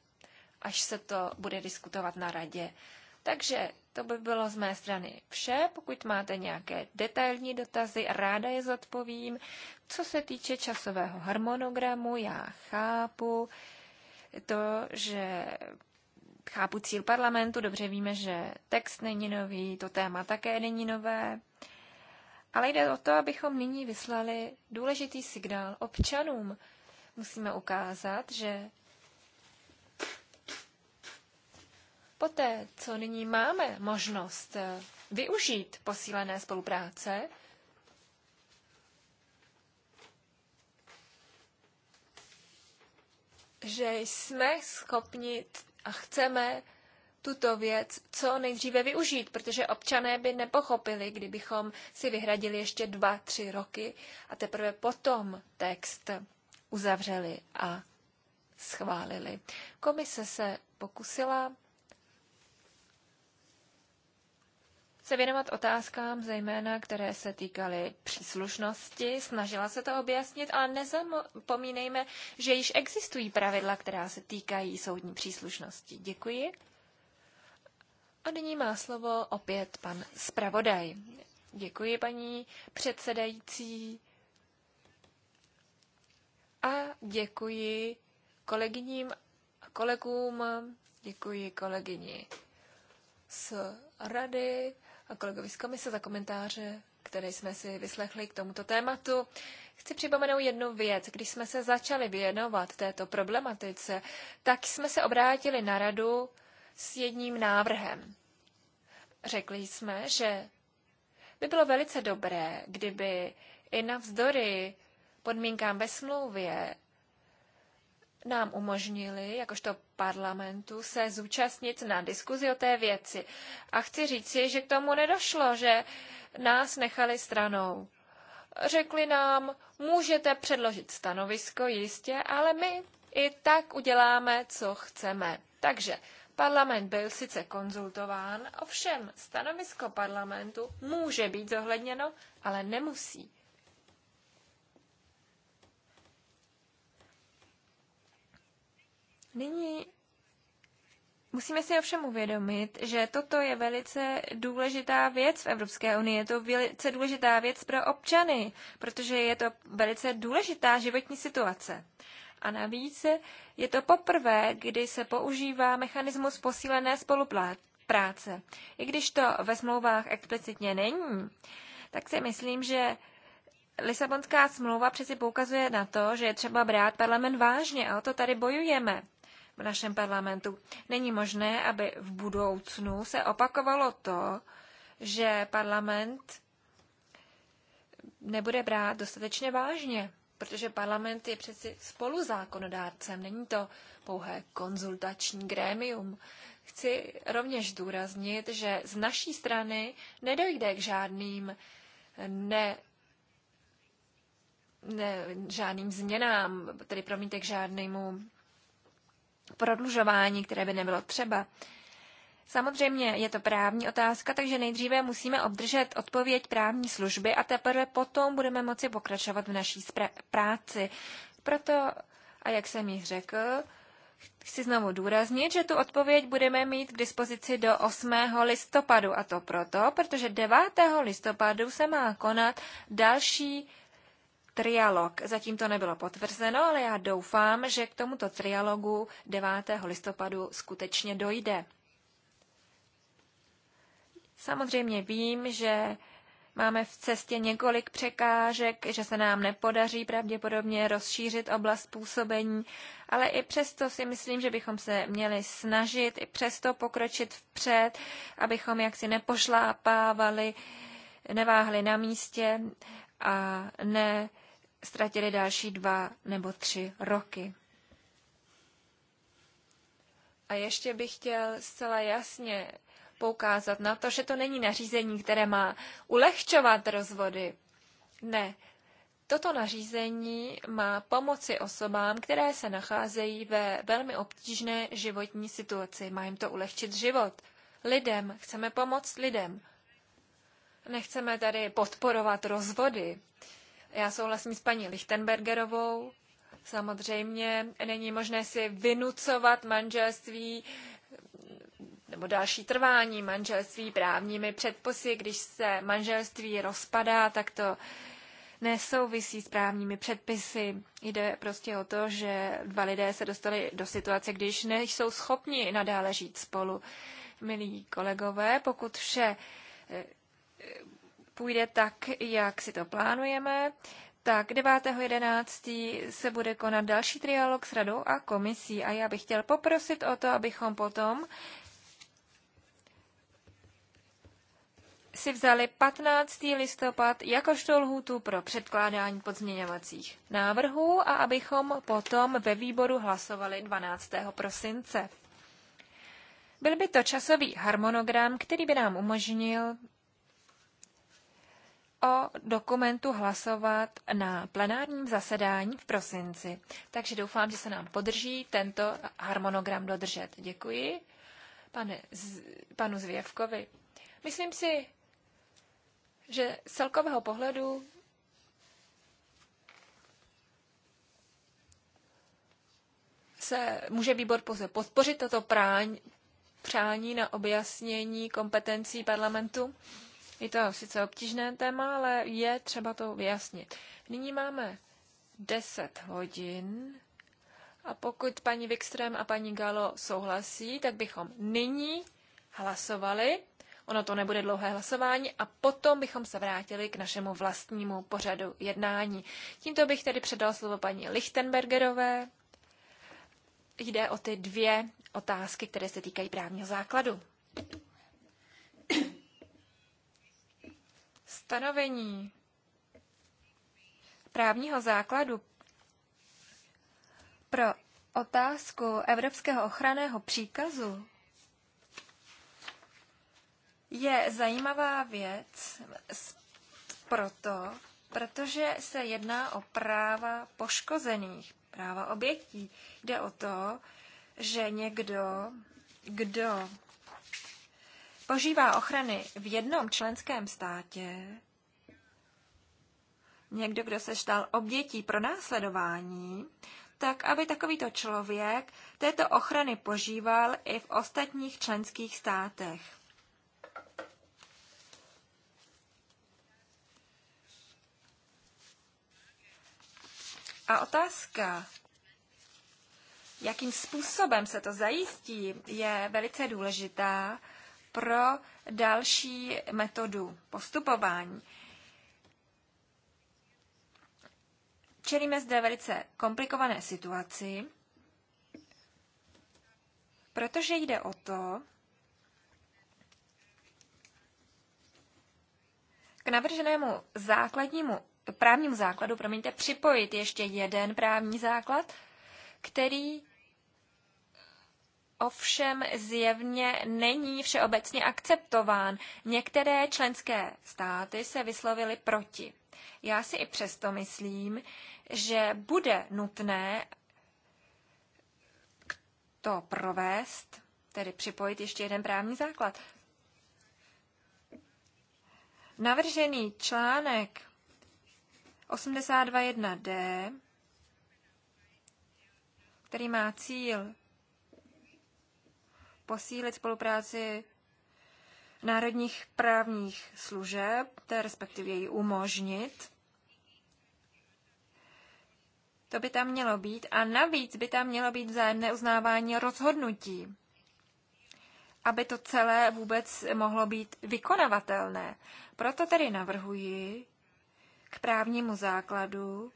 až se to bude diskutovat na radě. Takže to by bylo z mé strany vše. Pokud máte nějaké detailní dotazy, ráda je zodpovím. Co se týče časového harmonogramu, já chápu to, že chápu cíl parlamentu, dobře víme, že text není nový, to téma také není nové, ale jde o to, abychom nyní vyslali důležitý signál občanům. Musíme ukázat, že Poté, co nyní máme možnost eh, využít posílené spolupráce, že jsme schopni a chceme tuto věc co nejdříve využít, protože občané by nepochopili, kdybychom si vyhradili ještě dva, tři roky a teprve potom text uzavřeli a schválili. Komise se pokusila se věnovat otázkám, zejména které se týkaly příslušnosti. Snažila se to objasnit, ale nezapomínejme, že již existují pravidla, která se týkají soudní příslušnosti. Děkuji. A nyní má slovo opět pan zpravodaj. Děkuji, paní předsedající. A děkuji kolegyním a kolegům, děkuji kolegyni z rady a kolegovi z komise za komentáře, které jsme si vyslechli k tomuto tématu. Chci připomenout jednu věc. Když jsme se začali věnovat této problematice, tak jsme se obrátili na radu s jedním návrhem. Řekli jsme, že by bylo velice dobré, kdyby i navzdory podmínkám ve smlouvě nám umožnili, jakožto parlamentu, se zúčastnit na diskuzi o té věci. A chci říci, že k tomu nedošlo, že nás nechali stranou. Řekli nám, můžete předložit stanovisko, jistě, ale my i tak uděláme, co chceme. Takže Parlament byl sice konzultován, ovšem stanovisko parlamentu může být zohledněno, ale nemusí. Nyní musíme si ovšem uvědomit, že toto je velice důležitá věc v Evropské unii. Je to velice důležitá věc pro občany, protože je to velice důležitá životní situace. A navíc je to poprvé, kdy se používá mechanismus posílené spolupráce. I když to ve smlouvách explicitně není, tak si myslím, že Lisabonská smlouva přeci poukazuje na to, že je třeba brát parlament vážně a o to tady bojujeme v našem parlamentu. Není možné, aby v budoucnu se opakovalo to, že parlament nebude brát dostatečně vážně, protože parlament je přeci spoluzákonodárcem, není to pouhé konzultační grémium. Chci rovněž důraznit, že z naší strany nedojde k žádným ne, ne, žádným změnám, tedy promiňte k žádnému prodlužování, které by nebylo třeba. Samozřejmě je to právní otázka, takže nejdříve musíme obdržet odpověď právní služby a teprve potom budeme moci pokračovat v naší práci. Proto, a jak jsem již řekl, chci znovu důraznit, že tu odpověď budeme mít k dispozici do 8. listopadu. A to proto, protože 9. listopadu se má konat další trialog. Zatím to nebylo potvrzeno, ale já doufám, že k tomuto trialogu 9. listopadu skutečně dojde. Samozřejmě vím, že máme v cestě několik překážek, že se nám nepodaří pravděpodobně rozšířit oblast působení, ale i přesto si myslím, že bychom se měli snažit i přesto pokročit vpřed, abychom jaksi nepošlápávali, neváhli na místě a ne ztratili další dva nebo tři roky. A ještě bych chtěl zcela jasně poukázat na to, že to není nařízení, které má ulehčovat rozvody. Ne. Toto nařízení má pomoci osobám, které se nacházejí ve velmi obtížné životní situaci. Má jim to ulehčit život. Lidem. Chceme pomoct lidem. Nechceme tady podporovat rozvody. Já souhlasím s paní Lichtenbergerovou. Samozřejmě není možné si vynucovat manželství nebo další trvání manželství právními předpisy. Když se manželství rozpadá, tak to nesouvisí s právními předpisy. Jde prostě o to, že dva lidé se dostali do situace, když nejsou schopni nadále žít spolu. Milí kolegové, pokud vše půjde tak, jak si to plánujeme, tak 9.11. se bude konat další trialog s radou a komisí a já bych chtěl poprosit o to, abychom potom si vzali 15. listopad jakožto lhůtu pro předkládání podzměňovacích návrhů a abychom potom ve výboru hlasovali 12. prosince. Byl by to časový harmonogram, který by nám umožnil o dokumentu hlasovat na plenárním zasedání v prosinci. Takže doufám, že se nám podrží tento harmonogram dodržet. Děkuji pane, z, panu Zvěvkovi. Myslím si, že z celkového pohledu se může výbor pouze podpořit toto prání, přání na objasnění kompetencí parlamentu. Je to sice obtížné téma, ale je třeba to vyjasnit. Nyní máme 10 hodin a pokud paní Wikström a paní Galo souhlasí, tak bychom nyní hlasovali. Ono to nebude dlouhé hlasování a potom bychom se vrátili k našemu vlastnímu pořadu jednání. Tímto bych tedy předal slovo paní Lichtenbergerové. Jde o ty dvě otázky, které se týkají právního základu. stanovení právního základu pro otázku Evropského ochranného příkazu je zajímavá věc proto, protože se jedná o práva poškozených, práva obětí. Jde o to, že někdo, kdo požívá ochrany v jednom členském státě, někdo, kdo se stal obětí pro následování, tak aby takovýto člověk této ochrany požíval i v ostatních členských státech. A otázka, jakým způsobem se to zajistí, je velice důležitá, pro další metodu postupování. Čelíme zde velice komplikované situaci, protože jde o to, k navrženému základnímu právnímu základu, promiňte, připojit ještě jeden právní základ, který ovšem zjevně není všeobecně akceptován. Některé členské státy se vyslovily proti. Já si i přesto myslím, že bude nutné to provést, tedy připojit ještě jeden právní základ. Navržený článek 82.1d, který má cíl posílit spolupráci národních právních služeb, respektive ji umožnit. To by tam mělo být. A navíc by tam mělo být vzájemné uznávání rozhodnutí, aby to celé vůbec mohlo být vykonavatelné. Proto tedy navrhuji k právnímu základu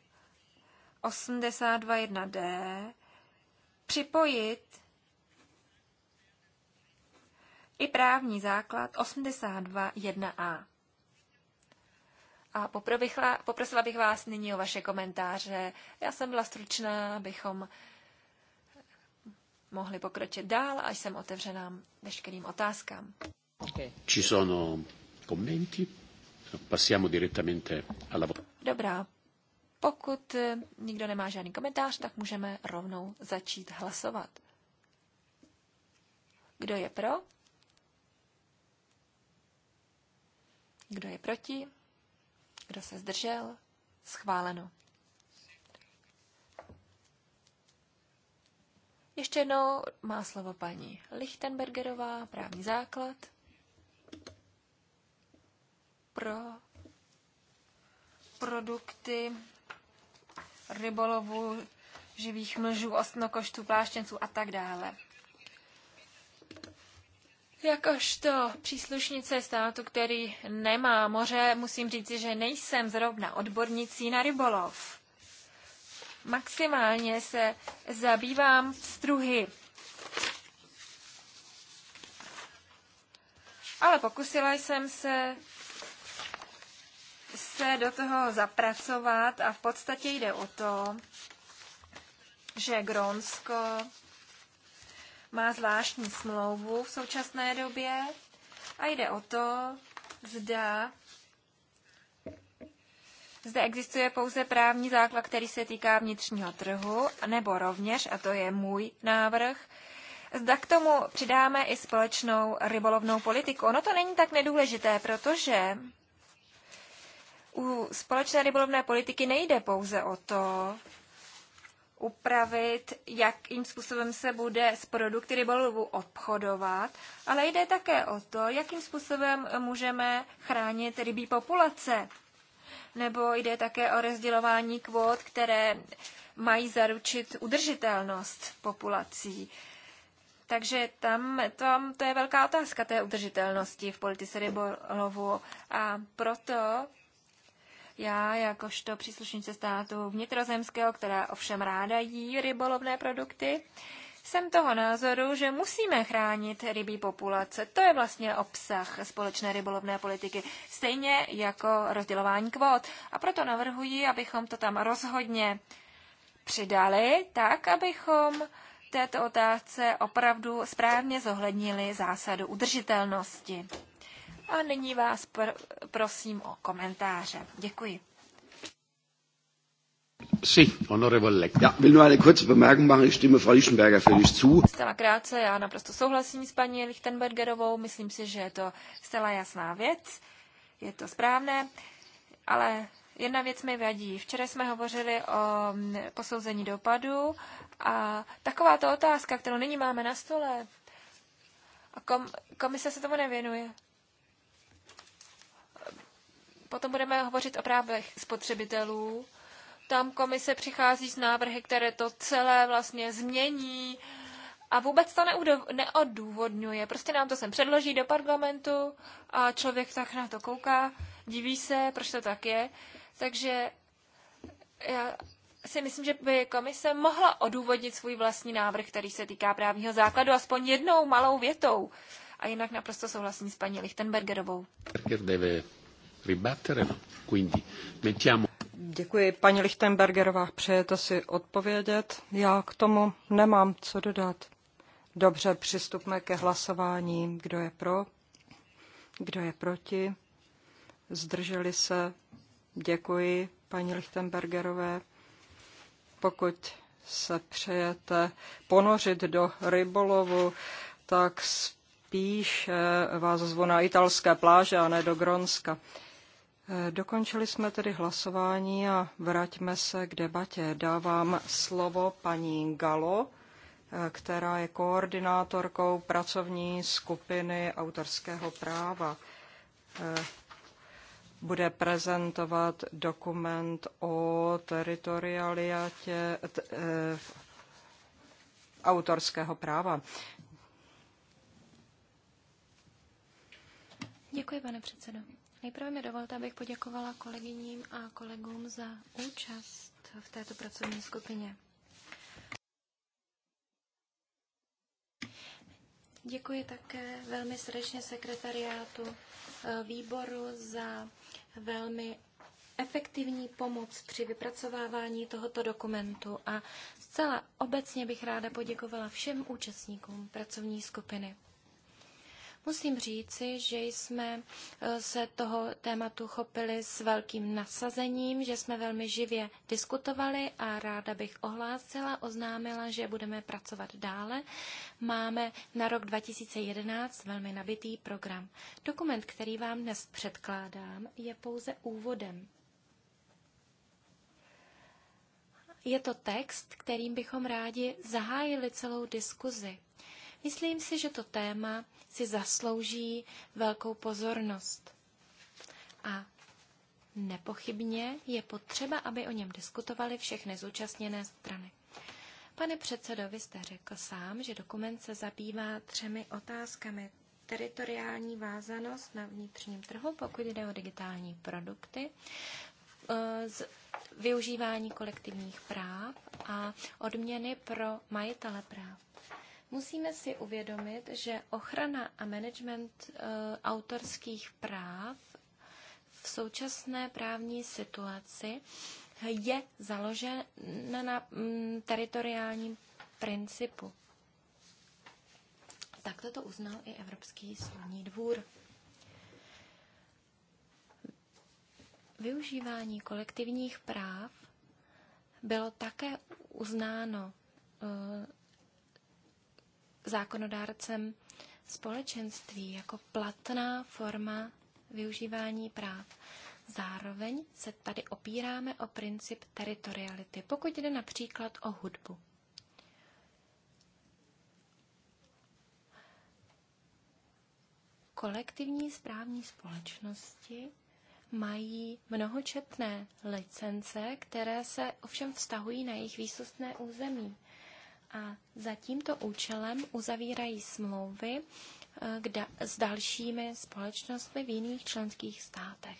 82.1d připojit i právní základ 82.1a. A poprosila bych vás nyní o vaše komentáře. Já jsem byla stručná, abychom mohli pokročit dál až jsem otevřená veškerým otázkám. Okay. Ci sono commenti? Passiamo direttamente alla Dobrá. Pokud eh, nikdo nemá žádný komentář, tak můžeme rovnou začít hlasovat. Kdo je pro? Kdo je proti? Kdo se zdržel? Schváleno. Ještě jednou má slovo paní Lichtenbergerová, právní základ. Pro produkty rybolovu, živých mlžů, osnokoštů, pláštěnců a tak dále. Jakožto příslušnice státu, který nemá moře, musím říct, že nejsem zrovna odbornicí na rybolov. Maximálně se zabývám struhy. Ale pokusila jsem se se do toho zapracovat a v podstatě jde o to, že Grónsko má zvláštní smlouvu v současné době a jde o to, zda zde existuje pouze právní základ, který se týká vnitřního trhu, nebo rovněž, a to je můj návrh, Zda k tomu přidáme i společnou rybolovnou politiku. Ono to není tak nedůležité, protože u společné rybolovné politiky nejde pouze o to, upravit, jakým způsobem se bude s produkty rybolovu obchodovat, ale jde také o to, jakým způsobem můžeme chránit rybí populace. Nebo jde také o rozdělování kvót, které mají zaručit udržitelnost populací. Takže tam, tam to je velká otázka té udržitelnosti v politice rybolovu a proto já, jakožto příslušnice státu vnitrozemského, která ovšem ráda jí rybolovné produkty, jsem toho názoru, že musíme chránit rybí populace. To je vlastně obsah společné rybolovné politiky, stejně jako rozdělování kvót. A proto navrhuji, abychom to tam rozhodně přidali, tak abychom této otázce opravdu správně zohlednili zásadu udržitelnosti. A nyní vás pr- prosím o komentáře. Děkuji. Sí, honorable Leck. Ja, will nur eine kurze Bemerkung machen. Ich stimme Frau Lichtenberger völlig zu. Zcela krátce, já naprosto souhlasím s paní Lichtenbergerovou. Myslím si, že je to zcela jasná věc. Je to správné, ale Jedna věc mi vadí. Včera jsme hovořili o mm, posouzení dopadu a taková to otázka, kterou nyní máme na stole, a kom, komise se tomu nevěnuje. Potom budeme hovořit o právech spotřebitelů. Tam komise přichází s návrhy, které to celé vlastně změní a vůbec to neodůvodňuje. Prostě nám to sem předloží do parlamentu a člověk tak na to kouká, diví se, proč to tak je. Takže já si myslím, že by komise mohla odůvodnit svůj vlastní návrh, který se týká právního základu, aspoň jednou malou větou. A jinak naprosto souhlasím s paní Lichtenbergerovou ribattere? Quindi mettiamo... Děkuji. Paní Lichtenbergerová, přejete si odpovědět? Já k tomu nemám co dodat. Dobře, přistupme ke hlasování. Kdo je pro? Kdo je proti? Zdrželi se? Děkuji paní Lichtenbergerové. Pokud se přejete ponořit do rybolovu, tak spíše vás zvu na italské pláže a ne do Gronska. Dokončili jsme tedy hlasování a vraťme se k debatě. Dávám slovo paní Galo, která je koordinátorkou pracovní skupiny autorského práva. Bude prezentovat dokument o teritorialitě e, autorského práva. Děkuji, pane předsedo. Nejprve mi dovolte, abych poděkovala kolegyním a kolegům za účast v této pracovní skupině. Děkuji také velmi srdečně sekretariátu eh, výboru za velmi efektivní pomoc při vypracovávání tohoto dokumentu a zcela obecně bych ráda poděkovala všem účastníkům pracovní skupiny. Musím říci, že jsme eh, se toho tématu chopili s velkým nasazením, že jsme velmi živě diskutovali a ráda bych ohlásila, oznámila, že budeme pracovat dále. Máme na rok 2011 velmi nabitý program. Dokument, který vám dnes předkládám, je pouze úvodem Je to text, kterým bychom rádi zahájili celou diskuzi. Myslím si, že to téma si zaslouží velkou pozornost. A nepochybně je potřeba, aby o něm diskutovali všechny zúčastněné strany. Pane předsedo, vy jste řekl sám, že dokument se zabývá třemi otázkami. Teritoriální vázanost na vnitřním trhu, pokud jde o digitální produkty, e, z využívání kolektivních práv a odměny pro majitele práv. Musíme si uvědomit, že ochrana a management eh, autorských práv v současné právní situaci je založen na mm, teritoriálním principu. Takto to uznal i Evropský soudní dvůr. Využívání kolektivních práv bylo také uznáno eh, zákonodárcem společenství jako platná forma využívání práv. Zároveň se tady opíráme o princip teritoriality, pokud jde například o hudbu. Kolektivní správní společnosti mají mnohočetné licence, které se ovšem vztahují na jejich výsostné území a za tímto účelem uzavírají smlouvy eh, kde, s dalšími společnostmi v jiných členských státech.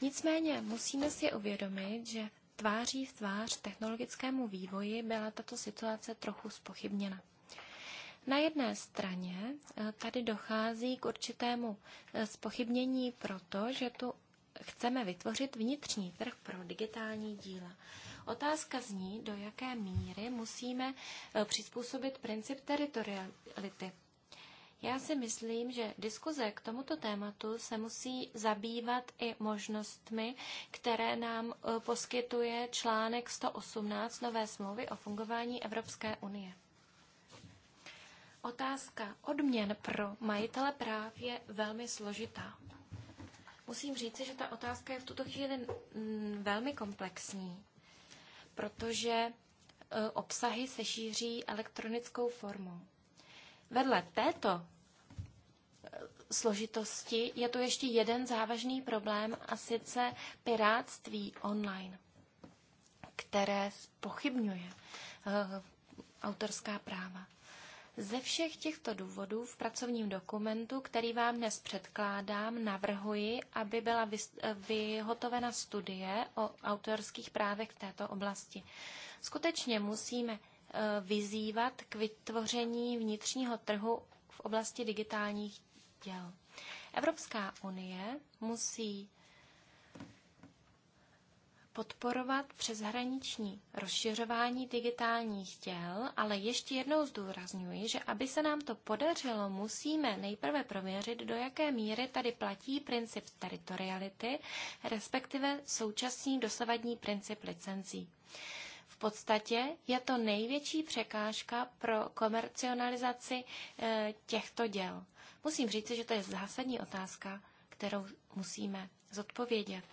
Nicméně musíme si uvědomit, že tváří v tvář technologickému vývoji byla tato situace trochu spochybněna. Na jedné straně eh, tady dochází k určitému eh, spochybnění proto, že tu chceme vytvořit vnitřní trh pro digitální díla. Otázka zní, do jaké míry musíme eh, přizpůsobit princip teritoriality. Já si myslím, že diskuze k tomuto tématu se musí zabývat i možnostmi, které nám eh, poskytuje článek 118 nové smlouvy o fungování Evropské unie. Otázka odměn pro majitele práv je velmi složitá. Musím říci, že ta otázka je v tuto chvíli mm, velmi komplexní protože e, obsahy se šíří elektronickou formou. Vedle této e, složitosti je tu ještě jeden závažný problém a sice piráctví online, které pochybňuje e, autorská práva. Ze všech těchto důvodů v pracovním dokumentu, který vám dnes předkládám, navrhuji, aby byla vyhotovena studie o autorských právech v této oblasti. Skutečně musíme e, vyzývat k vytvoření vnitřního trhu v oblasti digitálních děl. Evropská unie musí podporovat přeshraniční rozšiřování digitálních děl, ale ještě jednou zdůrazňuji, že aby se nám to podařilo, musíme nejprve prověřit, do jaké míry tady platí princip teritoriality, respektive současný dosavadní princip licencí. V podstatě je to největší překážka pro komercionalizaci eh, těchto děl. Musím říct, že to je zásadní otázka, kterou musíme zodpovědět.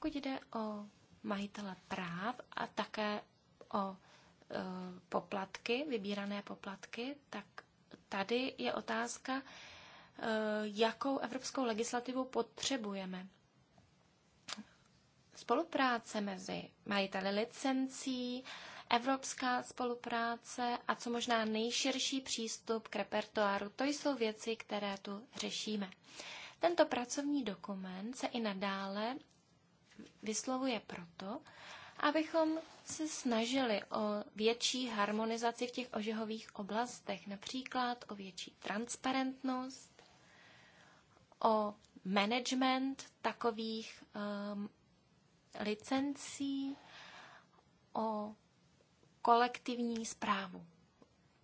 pokud jde o majitele práv a také o e, poplatky, vybírané poplatky, tak tady je otázka, e, jakou evropskou legislativu potřebujeme. Spolupráce mezi majiteli licencí, evropská spolupráce a co možná nejširší přístup k repertoáru, to jsou věci, které tu řešíme. Tento pracovní dokument se i nadále vyslovuje proto, abychom se snažili o větší harmonizaci v těch ožehových oblastech, například o větší transparentnost, o management takových um, licencí, o kolektivní zprávu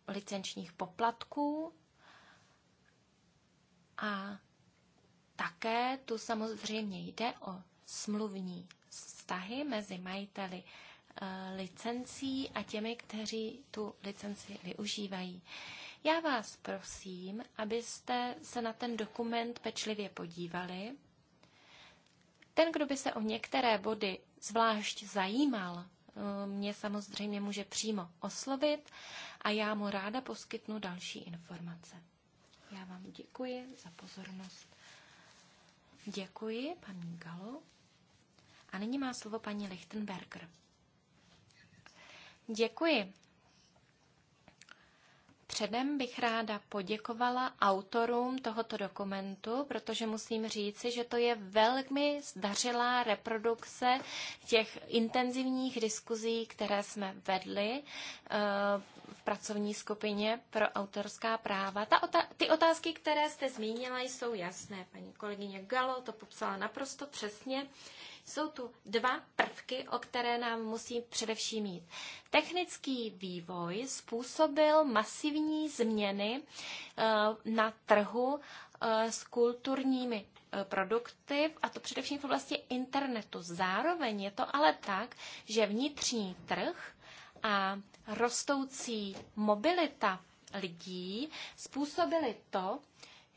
licenčních poplatků a také tu samozřejmě jde o smluvní vztahy mezi majiteli eh, licencí a těmi, kteří tu licenci využívají. Já vás prosím, abyste se na ten dokument pečlivě podívali. Ten, kdo by se o některé body zvlášť zajímal, eh, mě samozřejmě může přímo oslovit a já mu ráda poskytnu další informace. Já vám děkuji za pozornost. Děkuji, paní Galo. A nyní má slovo paní Lichtenberger. Děkuji. Předem bych ráda poděkovala autorům tohoto dokumentu, protože musím říci, že to je velmi zdařilá reprodukce těch intenzivních diskuzí, které jsme vedli eh, v pracovní skupině pro autorská práva. Ta ota- ty otázky, které jste zmínila, jsou jasné. Paní kolegyně Galo to popsala naprosto přesně. Jsou tu dva prvky, o které nám musí především jít. Technický vývoj způsobil masivní změny eh, na trhu eh, s kulturními eh, produkty, a to především v oblasti internetu. Zároveň je to ale tak, že vnitřní trh a rostoucí mobilita lidí způsobily to,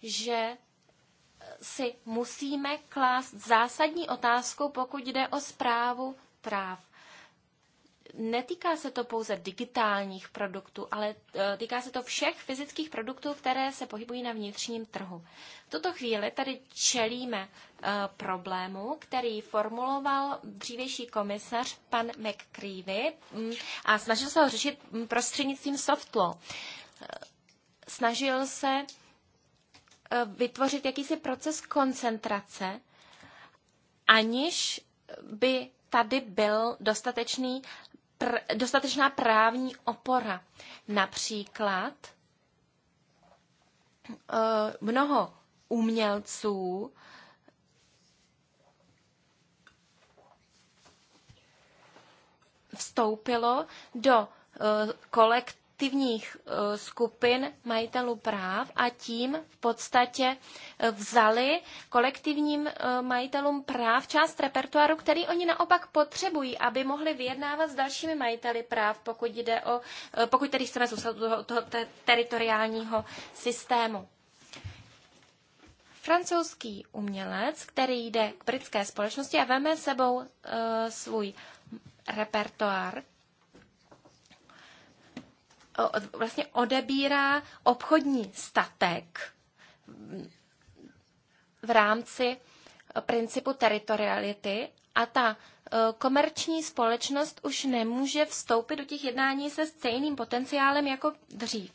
že si musíme klást zásadní otázku, pokud jde o zprávu práv. Netýká se to pouze digitálních produktů, ale e, týká se to všech fyzických produktů, které se pohybují na vnitřním trhu. V tuto chvíli tady čelíme e, problému, který formuloval dřívější komisař pan McCreevy mm, a snažil se ho řešit mm, prostřednictvím soft law. E, snažil se Eh, vytvořit jakýsi proces koncentrace, aniž by tady byl dostatečný, pr, dostatečná právní opora. Například eh, mnoho umělců vstoupilo do eh, kolekt aktivních eh, skupin majitelů práv a tím v podstatě eh, vzali kolektivním eh, majitelům práv část repertoáru, který oni naopak potřebují, aby mohli vyjednávat s dalšími majiteli práv, pokud jde o, pokud tedy chceme zůstat toho, toho teritoriálního systému. Francouzský umělec, který jde k britské společnosti a veme sebou e, svůj repertoár, vlastně odebírá obchodní statek v rámci principu teritoriality a ta e, komerční společnost už nemůže vstoupit do těch jednání se stejným potenciálem jako dřív.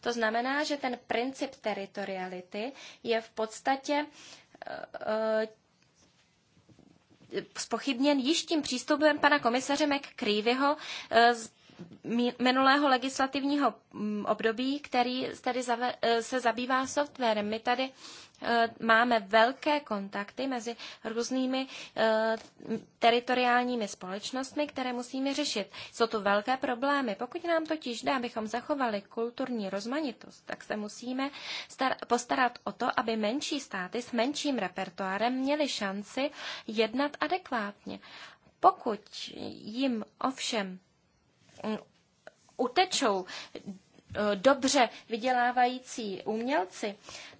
To znamená, že ten princip teritoriality je v podstatě e, e, spochybněn již tím přístupem pana komisaře McCreevyho z minulého legislativního mm, období, který tady eh, se zabývá softwarem. My tady eh, máme velké kontakty mezi různými eh, teritoriálními společnostmi, které musíme řešit. Jsou to velké problémy. Pokud nám totiž dá, abychom zachovali kulturní rozmanitost, tak se musíme postarat o to, aby menší státy s menším repertoárem měly šanci jednat adekvátně. Pokud jim ovšem Mm, utečou eh, dobře vydělávající umělci,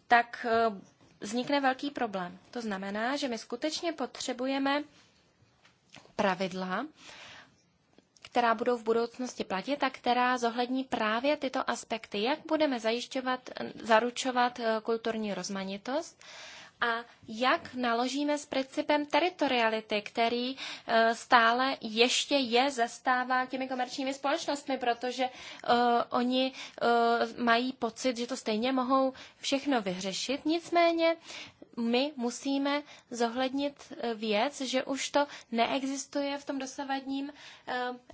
tak eh, vznikne velký problém. To znamená, že my skutečně potřebujeme pravidla, která budou v budoucnosti platit a která zohlední právě tyto aspekty, jak budeme zajišťovat, zaručovat eh, kulturní rozmanitost a jak naložíme s principem teritoriality, který e, stále ještě je zastáván těmi komerčními společnostmi, protože e, oni e, mají pocit, že to stejně mohou všechno vyřešit. Nicméně my musíme zohlednit věc, že už to neexistuje v tom dosavadním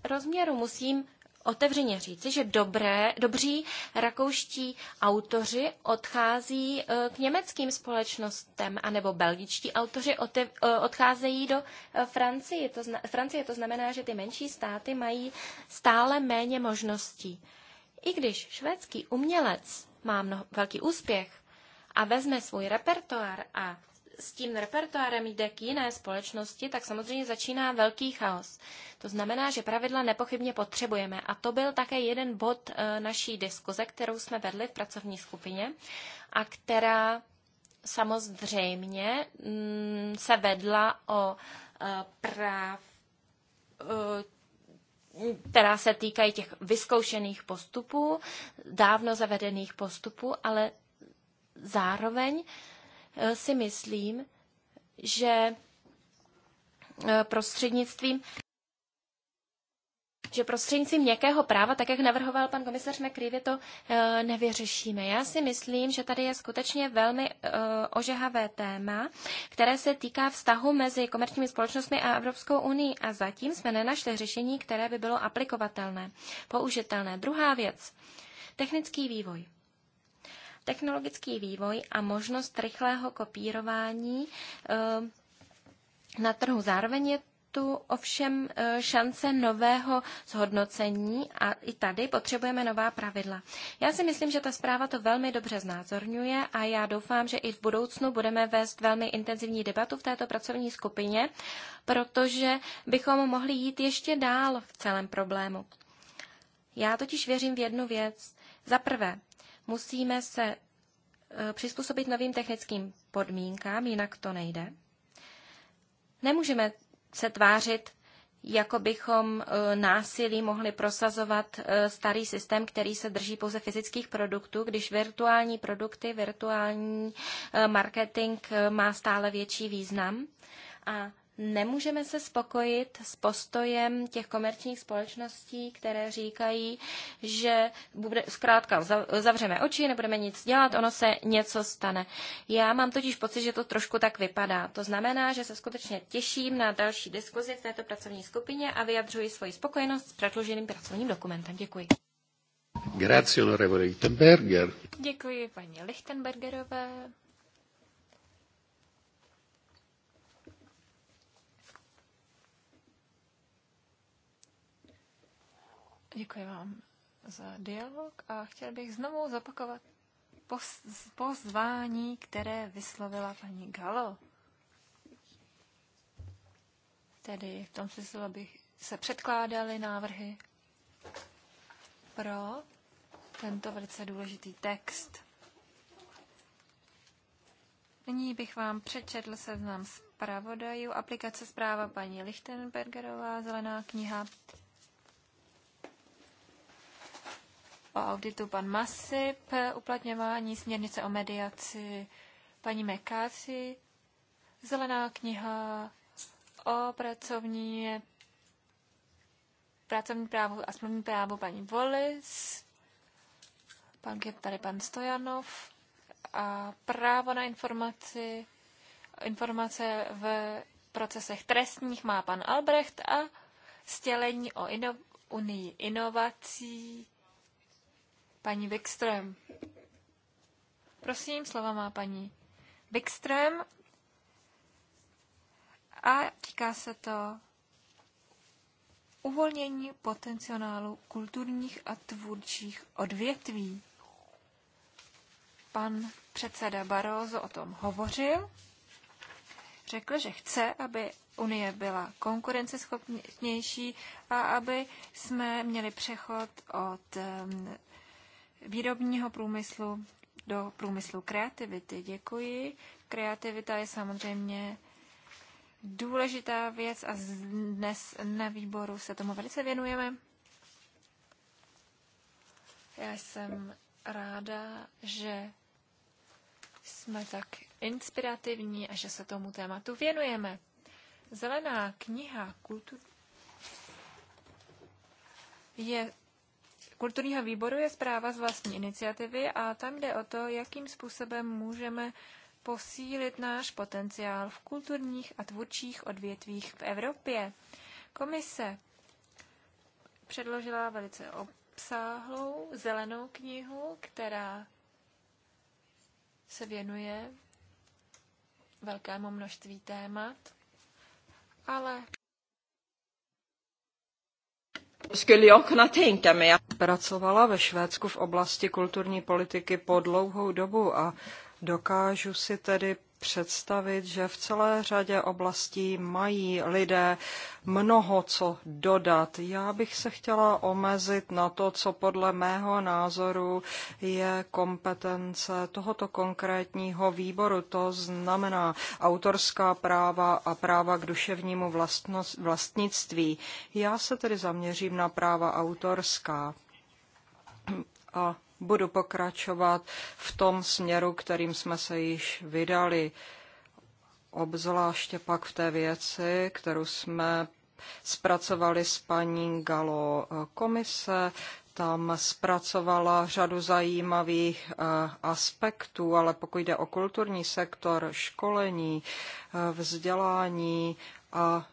rozměru. Musím otevřeně říci, že dobré, dobří rakouští autoři odchází e, k německým společnostem, anebo belgičtí autoři otev, e, odcházejí do e, Francie. To zna, Francie to znamená, že ty menší státy mají stále méně možností. I když švédský umělec má mnoho, velký úspěch a vezme svůj repertoár a s tím repertoárem jde k jiné společnosti, tak samozřejmě začíná velký chaos. To znamená, že pravidla nepochybně potřebujeme. A to byl také jeden bod eh, naší diskuze, kterou jsme vedli v pracovní skupině a která samozřejmě mm, se vedla o eh, práv eh, která se týkají těch vyzkoušených postupů, dávno zavedených postupů, ale zároveň Eh, si myslím, že eh, prostřednictvím že prostřednictvím měkkého práva, tak jak navrhoval pan komisař McCreevy, to e, nevyřešíme. Já si myslím, že tady je skutečně velmi e, ožehavé téma, které se týká vztahu mezi komerčními společnostmi a Evropskou unii a zatím jsme nenašli řešení, které by bylo aplikovatelné, použitelné. Druhá věc, technický vývoj technologický vývoj a možnost rychlého kopírování eh, na trhu. Zároveň je tu ovšem eh, šance nového zhodnocení a i tady potřebujeme nová pravidla. Já si myslím, že ta zpráva to velmi dobře znázorňuje a já doufám, že i v budoucnu budeme vést velmi intenzivní debatu v této pracovní skupině, protože bychom mohli jít ještě dál v celém problému. Já totiž věřím v jednu věc. Za prvé, Musíme se e, přizpůsobit novým technickým podmínkám, jinak to nejde. Nemůžeme se tvářit, jako bychom e, násilí mohli prosazovat e, starý systém, který se drží pouze fyzických produktů, když virtuální produkty, virtuální marketing má stále větší význam. A Nemůžeme se spokojit s postojem těch komerčních společností, které říkají, že bude, zkrátka zavřeme oči, nebudeme nic dělat, ono se něco stane. Já mám totiž pocit, že to trošku tak vypadá. To znamená, že se skutečně těším na další diskuzi v této pracovní skupině a vyjadřuji svoji spokojenost s předloženým pracovním dokumentem. Děkuji. Grazie, onorevole Lichtenberger. Děkuji paní Lichtenbergerové. Děkuji vám za dialog a chtěl bych znovu zapakovat pozvání, které vyslovila paní Galo. Tedy v tom smyslu, aby se předkládaly návrhy pro tento velice důležitý text. Nyní bych vám přečetl seznam zpravodajů. Aplikace zpráva paní Lichtenbergerová, zelená kniha o auditu pan Masip, uplatňování směrnice o mediaci paní Mekáci, zelená kniha o pracovní pracovní právu a smluvní právu paní Volis, pak je tady pan Stojanov a právo na informaci, informace v procesech trestních má pan Albrecht a stělení o ino, unii inovací paní Wikström. Prosím, slova má paní Wikström. A týká se to uvolnění potenciálu kulturních a tvůrčích odvětví. Pan předseda Barozo o tom hovořil. Řekl, že chce, aby Unie byla konkurenceschopnější a aby jsme měli přechod od výrobního průmyslu do průmyslu kreativity. Děkuji. Kreativita je samozřejmě důležitá věc a dnes na výboru se tomu velice věnujeme. Já jsem ráda, že jsme tak inspirativní a že se tomu tématu věnujeme. Zelená kniha kultury je kulturního výboru je zpráva z vlastní iniciativy a tam jde o to, jakým způsobem můžeme posílit náš potenciál v kulturních a tvůrčích odvětvích v Evropě. Komise předložila velice obsáhlou zelenou knihu, která se věnuje velkému množství témat, ale Skulle jag kunna tänka mig... Pracovala ve Švédsku v oblasti kulturní politiky po dlouhou dobu a dokážu si tedy představit, že v celé řadě oblastí mají lidé mnoho co dodat. Já bych se chtěla omezit na to, co podle mého názoru je kompetence tohoto konkrétního výboru. To znamená autorská práva a práva k duševnímu vlastnictví. Já se tedy zaměřím na práva autorská. A budu pokračovat v tom směru, kterým jsme se již vydali, obzvláště pak v té věci, kterou jsme zpracovali s paní Galo komise. Tam zpracovala řadu zajímavých eh, aspektů, ale pokud jde o kulturní sektor, školení, eh, vzdělání a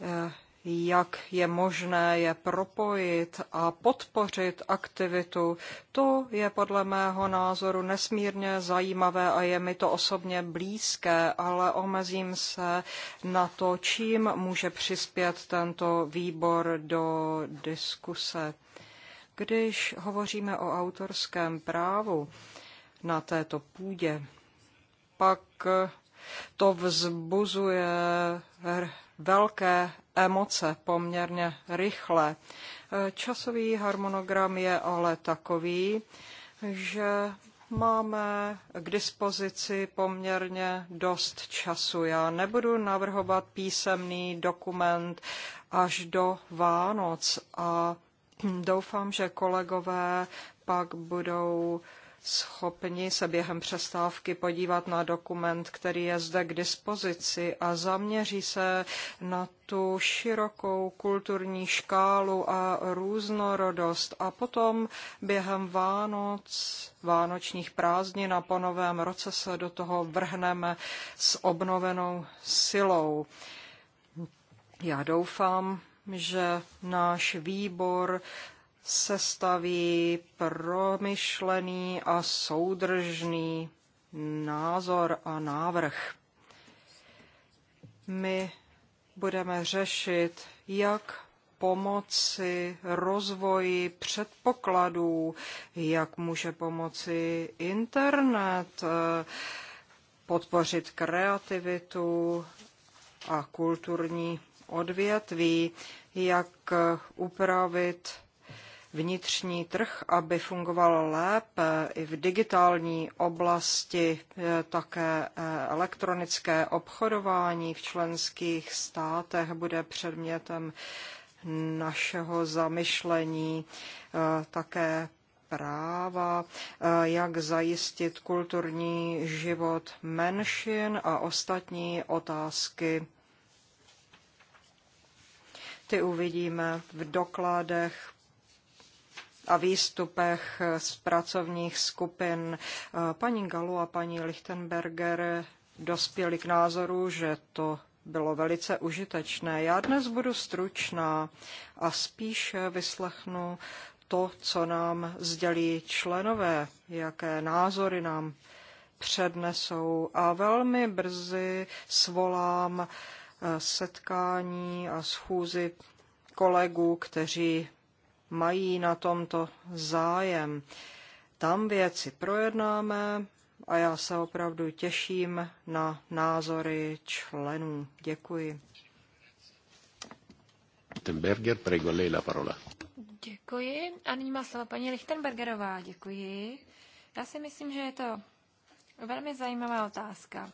eh, jak je možné je propojit a podpořit aktivitu, to je podle mého názoru nesmírně zajímavé a je mi to osobně blízké, ale omezím se na to, čím může přispět tento výbor do diskuse. Když hovoříme o autorském právu na této půdě, pak to vzbuzuje velké emoce poměrně rychle. Časový harmonogram je ale takový, že máme k dispozici poměrně dost času. Já nebudu navrhovat písemný dokument až do Vánoc a doufám, že kolegové pak budou schopni se během přestávky podívat na dokument, který je zde k dispozici a zaměří se na tu širokou kulturní škálu a různorodost. A potom během Vánoc, vánočních prázdnin a po novém roce se do toho vrhneme s obnovenou silou. Já doufám, že náš výbor sestaví promyšlený a soudržný názor a návrh. My budeme řešit, jak pomoci rozvoji předpokladů, jak může pomoci internet, podpořit kreativitu a kulturní odvětví, jak upravit vnitřní trh, aby fungoval lépe i v digitální oblasti, e, také e, elektronické obchodování v členských státech bude předmětem našeho zamyšlení, e, také práva, jak zajistit kulturní život menšin a ostatní otázky. Ty uvidíme v dokladech a výstupech z pracovních skupin. Paní Galu a paní Lichtenberger dospěli k názoru, že to bylo velice užitečné. Já dnes budu stručná a spíš vyslechnu to, co nám sdělí členové, jaké názory nám přednesou a velmi brzy svolám eh, setkání a schůzi kolegů, kteří mají na tomto zájem. Tam věci projednáme a já se opravdu těším na názory členů. Děkuji. Lichtenberger, prego lei la parola. Děkuji. A nyní má slovo paní Lichtenbergerová. Děkuji. Já si myslím, že je to velmi zajímavá otázka,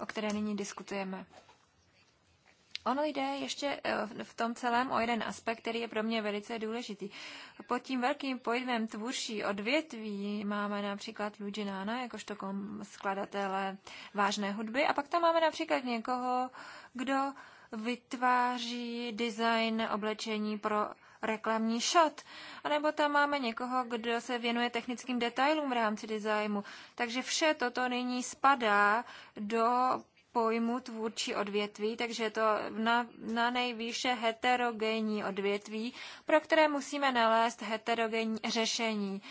o které nyní diskutujeme. Ono jde ještě eh, v tom celém o jeden aspekt, který je pro mě velice důležitý. Pod tím velkým pojmem tvůrší odvětví máme například Luginána, jakožto skladatele vážné hudby, a pak tam máme například někoho, kdo vytváří design oblečení pro reklamní shot. A nebo tam máme někoho, kdo se věnuje technickým detailům v rámci designu. Takže vše toto nyní spadá do pojmu tvůrčí odvětví, takže je to na, na nejvýše heterogenní odvětví, pro které musíme nalézt heterogenní řešení.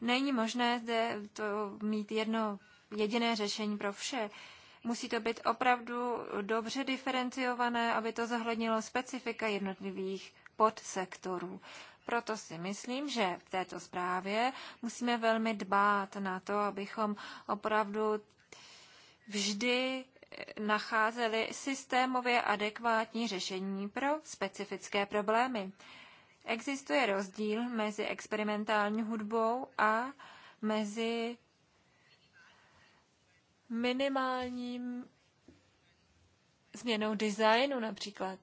Není možné zde to mít jedno jediné řešení pro vše. Musí to být opravdu dobře diferenciované, aby to zohlednilo specifika jednotlivých podsektorů. Proto si myslím, že v této zprávě musíme velmi dbát na to, abychom opravdu vždy nacházeli systémově adekvátní řešení pro specifické problémy. Existuje rozdíl mezi experimentální hudbou a mezi minimálním změnou designu například.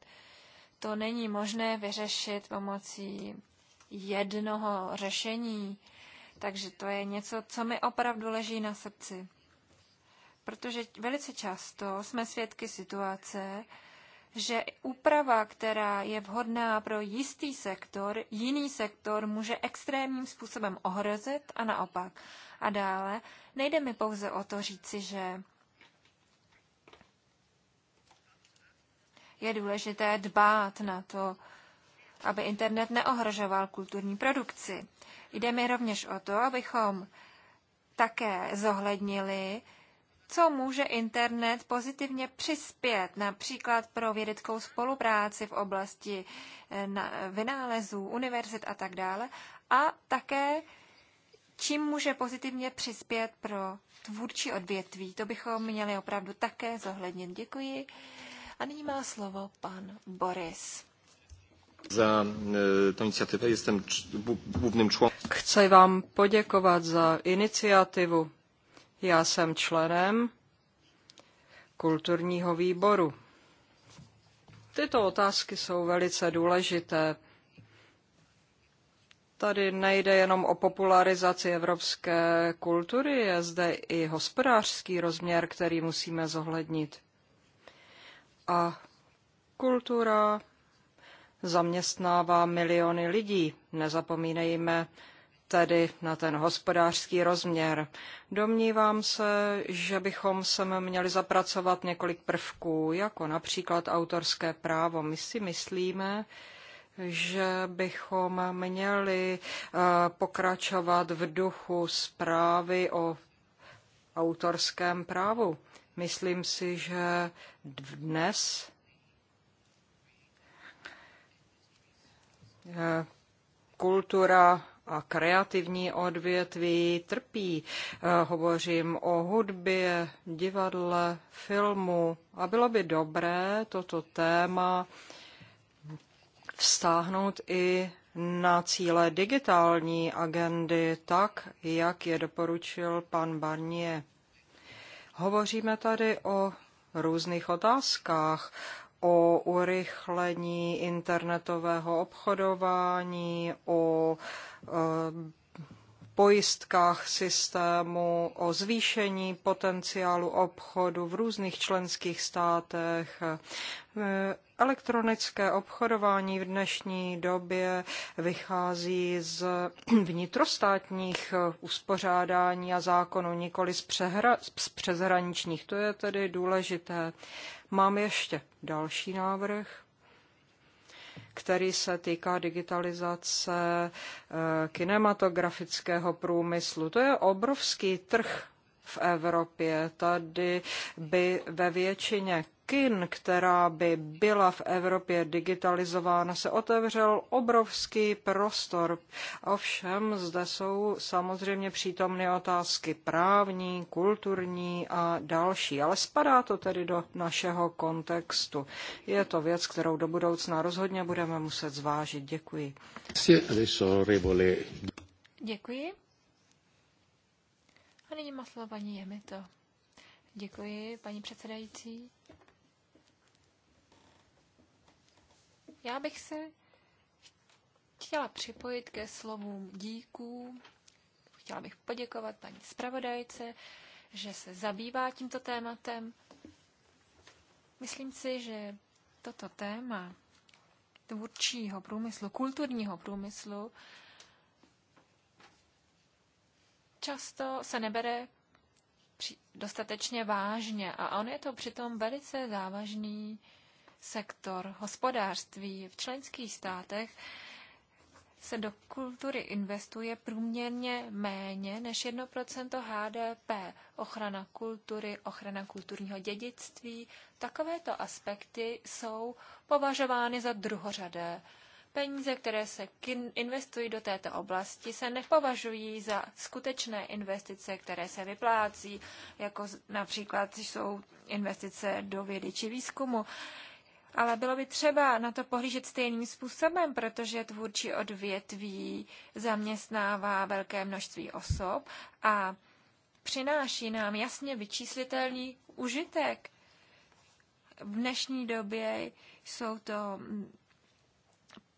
To není možné vyřešit pomocí jednoho řešení, takže to je něco, co mi opravdu leží na srdci protože velice často jsme svědky situace, že úprava, která je vhodná pro jistý sektor, jiný sektor může extrémním způsobem ohrozit a naopak. A dále nejde mi pouze o to říci, že je důležité dbát na to, aby internet neohrožoval kulturní produkci. Jde mi rovněž o to, abychom také zohlednili, co může internet pozitivně přispět, například pro vědeckou spolupráci v oblasti eh, vynálezů, univerzit a tak dále, a také čím může pozitivně přispět pro tvůrčí odvětví. To bychom měli opravdu také zohlednit. Děkuji. A nyní má slovo pan Boris. Za eh, tu iniciativu jsem głównym członkiem. Chci vám poděkovat za iniciativu. Já jsem členem kulturního výboru. Tyto otázky jsou velice důležité. Tady nejde jenom o popularizaci evropské kultury, je zde i hospodářský rozměr, který musíme zohlednit. A kultura zaměstnává miliony lidí. Nezapomínejme tedy na ten hospodářský rozměr. Domnívám se, že bychom sem měli zapracovat několik prvků, jako například autorské právo. My si myslíme, že bychom měli eh, pokračovat v duchu zprávy o autorském právu. Myslím si, že dnes eh, kultura a kreativní odvětví trpí. Eh, hovořím o hudbě, divadle, filmu a bylo by dobré toto téma vstáhnout i na cíle digitální agendy tak, jak je doporučil pan Barnier. Hovoříme tady o různých otázkách, o urychlení internetového obchodování, o eh, pojistkách systému, o zvýšení potenciálu obchodu v různých členských státech. Eh, elektronické obchodování v dnešní době vychází z vnitrostátních eh, uspořádání a zákonů, nikoli z, přehra, z přezhraničních. To je tedy důležité. Mám ještě další návrh, který se týká digitalizace eh, kinematografického průmyslu. To je obrovský trh v Evropě. Tady by ve většině kin, která by byla v Evropě digitalizována, se otevřel obrovský prostor. Ovšem zde jsou samozřejmě přítomny otázky právní, kulturní a další, ale spadá to tedy do našeho kontextu. Je to věc, kterou do budoucna rozhodně budeme muset zvážit. Děkuji. Děkuji. A nyní má slovo paní Jemito. Děkuji, paní předsedající. Já bych se chtěla připojit ke slovům díků. Chtěla bych poděkovat paní zpravodajce, že se zabývá tímto tématem. Myslím si, že toto téma tvůrčího průmyslu, kulturního průmyslu, často se nebere dostatečně vážně a on je to přitom velice závažný sektor hospodářství. V členských státech se do kultury investuje průměrně méně než 1% HDP. Ochrana kultury, ochrana kulturního dědictví, takovéto aspekty jsou považovány za druhořadé. Peníze, které se investují do této oblasti, se nepovažují za skutečné investice, které se vyplácí, jako například jsou investice do vědy či výzkumu ale bylo by třeba na to pohlížet stejným způsobem, protože tvůrčí odvětví zaměstnává velké množství osob a přináší nám jasně vyčíslitelný užitek. V dnešní době jsou to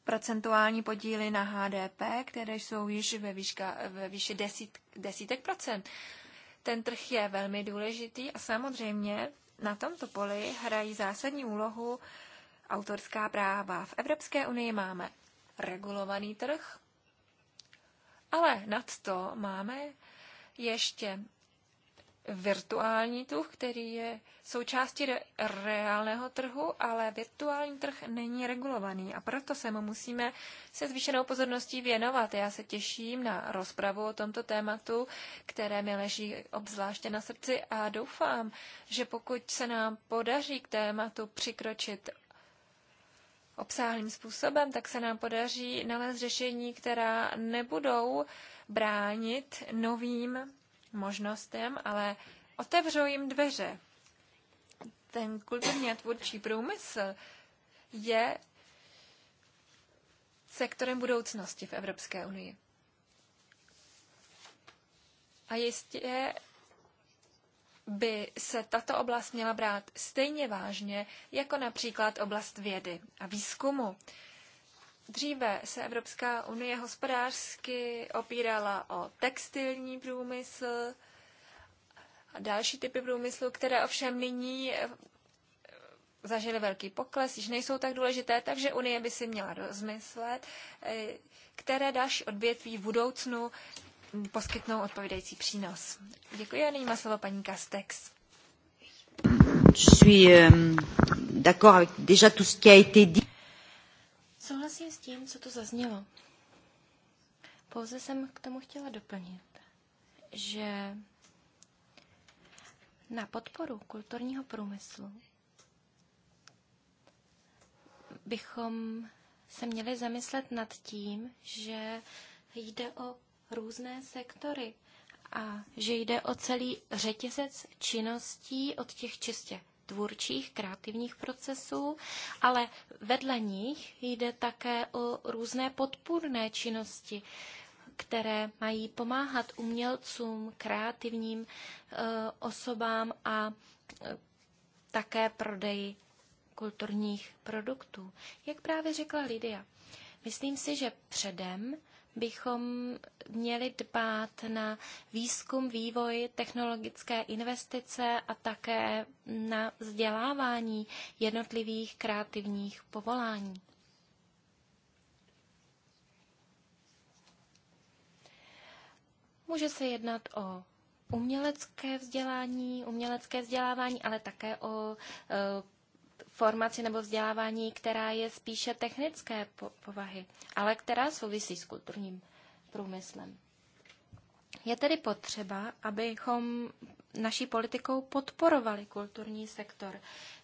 procentuální podíly na HDP, které jsou již ve, výška, ve výši desít, desítek procent. Ten trh je velmi důležitý a samozřejmě na tomto poli hrají zásadní úlohu autorská práva. V Evropské unii máme regulovaný trh, ale nad to máme ještě virtuální trh, který je součástí re- reálného trhu, ale virtuální trh není regulovaný a proto se mu musíme se zvýšenou pozorností věnovat. Já se těším na rozpravu o tomto tématu, které mi leží obzvláště na srdci a doufám, že pokud se nám podaří k tématu přikročit obsáhlým způsobem, tak se nám podaří nalézt řešení, která nebudou bránit novým možnostem, ale otevřou jim dveře. Ten kulturní a tvůrčí průmysl je sektorem budoucnosti v Evropské unii. A jistě by se tato oblast měla brát stejně vážně jako například oblast vědy a výzkumu. Dříve se Evropská unie hospodářsky opírala o textilní průmysl a další typy průmyslu, které ovšem nyní eh, zažily velký pokles, již nejsou tak důležité, takže Unie by si měla rozmyslet, eh, které další odvětví v budoucnu poskytnou odpovídající přínos. Děkuji a nyní má slovo paní Kastex. Euh, Souhlasím s tím, co tu zaznělo. Pouze jsem k tomu chtěla doplnit, že na podporu kulturního průmyslu bychom se měli zamyslet nad tím, že jde o různé sektory a že jde o celý řetězec činností od těch čistě tvůrčích, kreativních procesů, ale vedle nich jde také o různé podpůrné činnosti, které mají pomáhat umělcům, kreativním e, osobám a e, také prodeji kulturních produktů. Jak právě řekla Lidia, myslím si, že předem bychom měli dbát na výzkum, vývoj, technologické investice a také na vzdělávání jednotlivých kreativních povolání. Může se jednat o umělecké vzdělání, umělecké vzdělávání, ale také o e, formaci nebo vzdělávání, která je spíše technické povahy, ale která souvisí s kulturním průmyslem. Je tedy potřeba, abychom naší politikou podporovali kulturní sektor.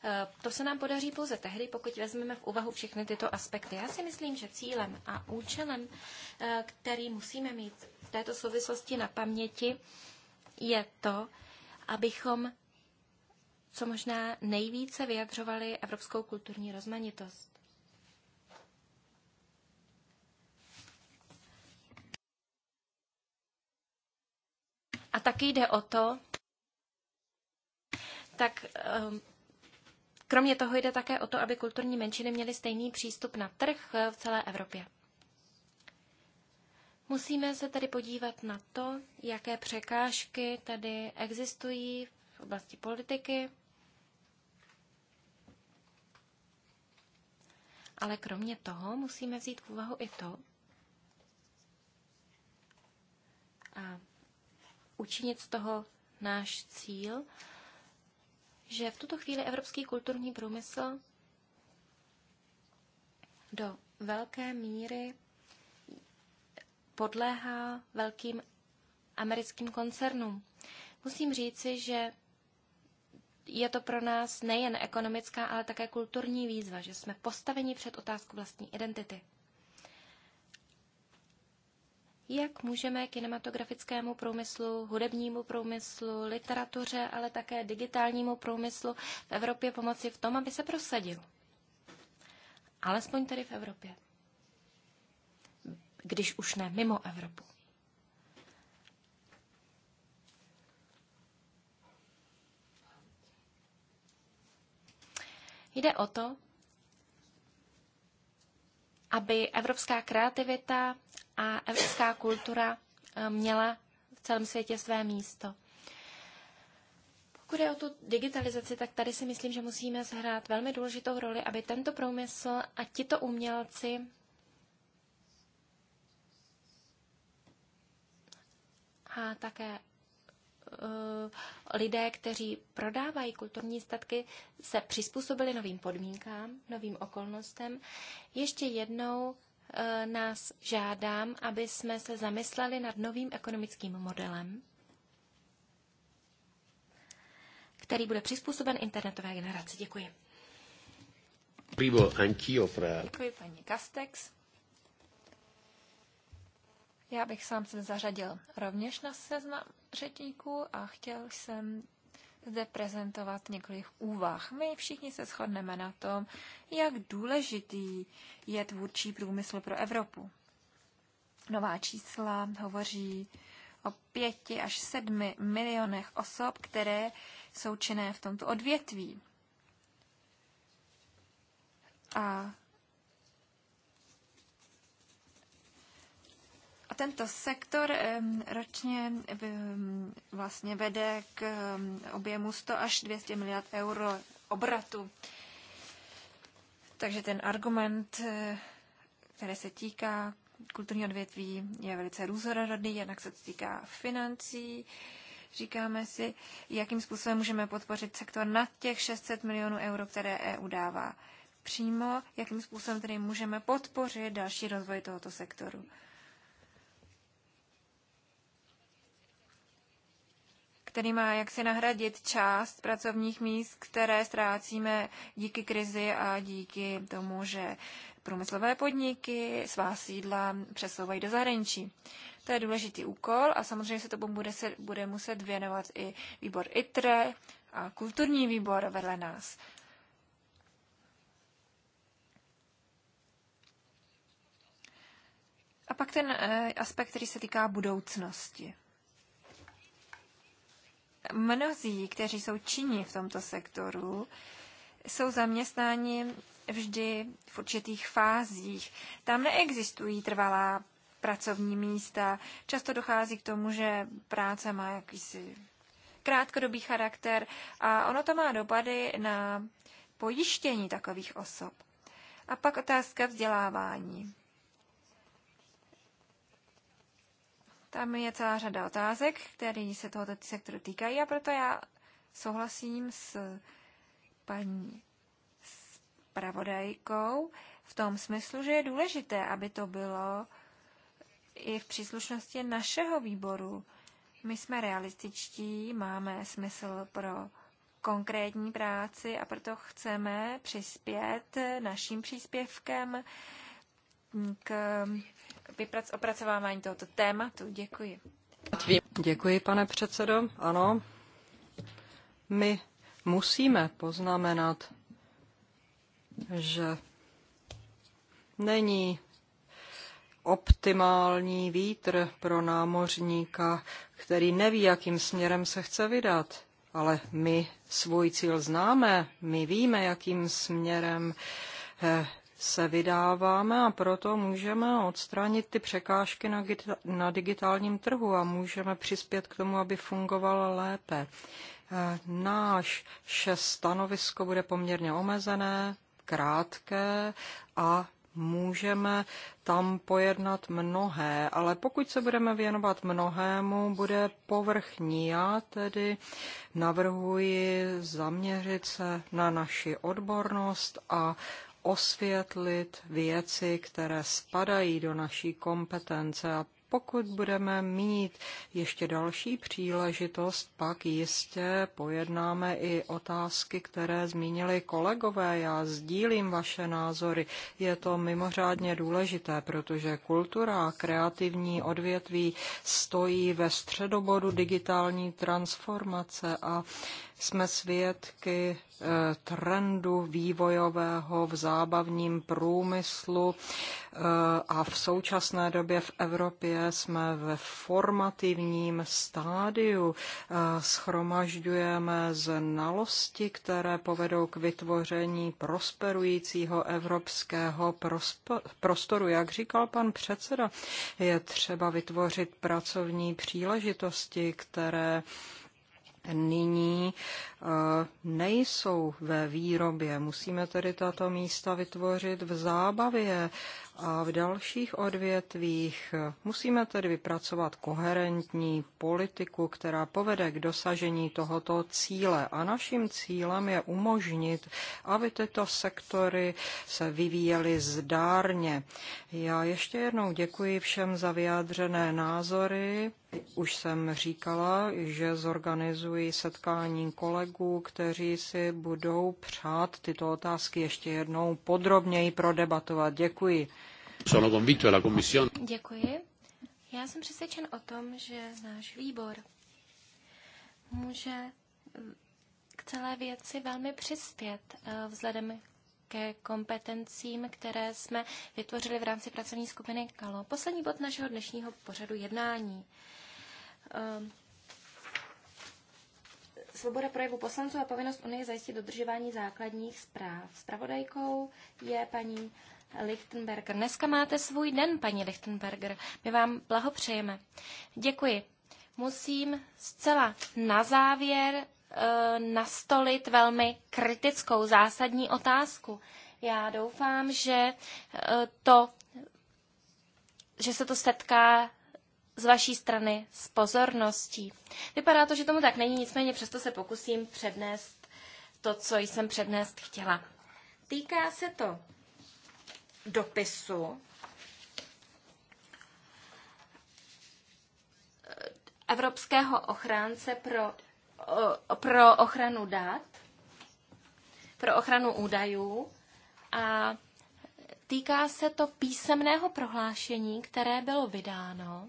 E, to se nám podaří pouze tehdy, pokud vezmeme v úvahu všechny tyto aspekty. Já si myslím, že cílem a účelem, e, který musíme mít v této souvislosti na paměti, je to, abychom co možná nejvíce vyjadřovaly evropskou kulturní rozmanitost. A taky jde o to, tak ehm, kromě toho jde také o to, aby kulturní menšiny měly stejný přístup na trh eh, v celé Evropě. Musíme se tedy podívat na to, jaké překážky tady existují v oblasti politiky, ale kromě toho musíme vzít v úvahu i to, a učinit z toho náš cíl, že v tuto chvíli evropský kulturní průmysl do velké míry podléhá velkým americkým koncernům. Musím říci, že je to pro nás nejen ekonomická, ale také kulturní výzva, že jsme postaveni před otázku vlastní identity. Jak můžeme kinematografickému průmyslu, hudebnímu průmyslu, literatuře, ale také digitálnímu průmyslu v Evropě pomoci v tom, aby se prosadil? Alespoň tedy v Evropě. Když už ne mimo Evropu. Jde o to, aby evropská kreativita a evropská kultura eh, měla v celém světě své místo. Pokud je o tu digitalizaci, tak tady si myslím, že musíme zhrát velmi důležitou roli, aby tento průmysl a tito umělci a také Eh, lidé, kteří prodávají kulturní statky, se přizpůsobili novým podmínkám, novým okolnostem. Ještě jednou eh, nás žádám, aby jsme se zamysleli nad novým ekonomickým modelem, který bude přizpůsoben internetové generaci. Děkuji. fra... Děkuji paní Castex. Já bych sám se zařadil rovněž na seznam řečníků a chtěl jsem zde prezentovat několik úvah. My všichni se shodneme na tom, jak důležitý je tvůrčí průmysl pro Evropu. Nová čísla hovoří o pěti až sedmi milionech osob, které jsou činné v tomto odvětví. A Tento sektor ročně vlastně vede k objemu 100 až 200 miliard euro obratu. Takže ten argument, e, který se týká kulturního odvětví, je velice různorodný, jednak se to týká financí, říkáme si, jakým způsobem můžeme podpořit sektor nad těch 600 milionů euro, které EU dává přímo, jakým způsobem tedy můžeme podpořit další rozvoj tohoto sektoru. který má jaksi nahradit část pracovních míst, které ztrácíme díky krizi a díky tomu, že průmyslové podniky svá sídla přesouvají do zahraničí. To je důležitý úkol a samozřejmě se tomu bude, se, bude muset věnovat i výbor ITRE a kulturní výbor vedle nás. A pak ten eh, aspekt, který se týká budoucnosti mnozí, kteří jsou činní v tomto sektoru, jsou zaměstnáni vždy v určitých fázích. Tam neexistují trvalá pracovní místa. Často dochází k tomu, že práce má jakýsi krátkodobý charakter a ono to má dopady na pojištění takových osob. A pak otázka vzdělávání. Tam je celá řada otázek, které se tohoto sektoru týkají a proto já souhlasím s paní spravodajkou v tom smyslu, že je důležité, aby to bylo i v příslušnosti našeho výboru. My jsme realističtí, máme smysl pro konkrétní práci a proto chceme přispět naším příspěvkem k opracovávání tohoto tématu. Děkuji. Děkuji, pane předsedo. Ano, my musíme poznamenat, že není optimální vítr pro námořníka, který neví, jakým směrem se chce vydat. Ale my svůj cíl známe, my víme, jakým směrem eh, se vydáváme a proto můžeme odstranit ty překážky na, na digitálním trhu a můžeme přispět k tomu, aby fungovala lépe. Eh, náš šest stanovisko bude poměrně omezené, krátké a můžeme tam pojednat mnohé, ale pokud se budeme věnovat mnohému, bude povrchní. Já tedy navrhuji zaměřit se na naši odbornost a osvětlit věci, které spadají do naší kompetence a pokud budeme mít ještě další příležitost, pak jistě pojednáme i otázky, které zmínili kolegové. Já sdílím vaše názory. Je to mimořádně důležité, protože kultura a kreativní odvětví stojí ve středobodu digitální transformace a jsme svědky trendu vývojového v zábavním průmyslu a v současné době v Evropě jsme ve formativním stádiu. Schromažďujeme znalosti, které povedou k vytvoření prosperujícího evropského prostoru. Jak říkal pan předseda, je třeba vytvořit pracovní příležitosti, které nyní eh, nejsou ve výrobě. Musíme tedy tato místa vytvořit v zábavě a v dalších odvětvích. Musíme tedy vypracovat koherentní politiku, která povede k dosažení tohoto cíle. A naším cílem je umožnit, aby tyto sektory se vyvíjely zdárně. Já ještě jednou děkuji všem za vyjádřené názory. Už jsem říkala, že zorganizuji setkání kolegů, kteří si budou přát tyto otázky ještě jednou podrobněji prodebatovat. Děkuji. Sono convinto Commissione. Děkuji. Já jsem přesvědčen o tom, že náš výbor může eh, k celé věci velmi přispět eh, vzhledem ke kompetencím, které jsme vytvořili v rámci pracovní skupiny KALO. Poslední bod našeho dnešního pořadu jednání. Ehm, svoboda projevu poslanců a povinnost Unie zajistit dodržování základních zpráv. Spravodajkou je paní Lichtenberger. Dneska máte svůj den, paní Lichtenberger. My vám blahopřejeme. Děkuji. Musím zcela na závěr e, nastolit velmi kritickou zásadní otázku. Já doufám, že e, to, že se to setká z vaší strany s pozorností. Vypadá to, že tomu tak není, nicméně přesto se pokusím přednést to, co jsem přednést chtěla. Týká se to dopisu Evropského ochránce pro, pro ochranu dat, pro ochranu údajů a týká se to písemného prohlášení, které bylo vydáno.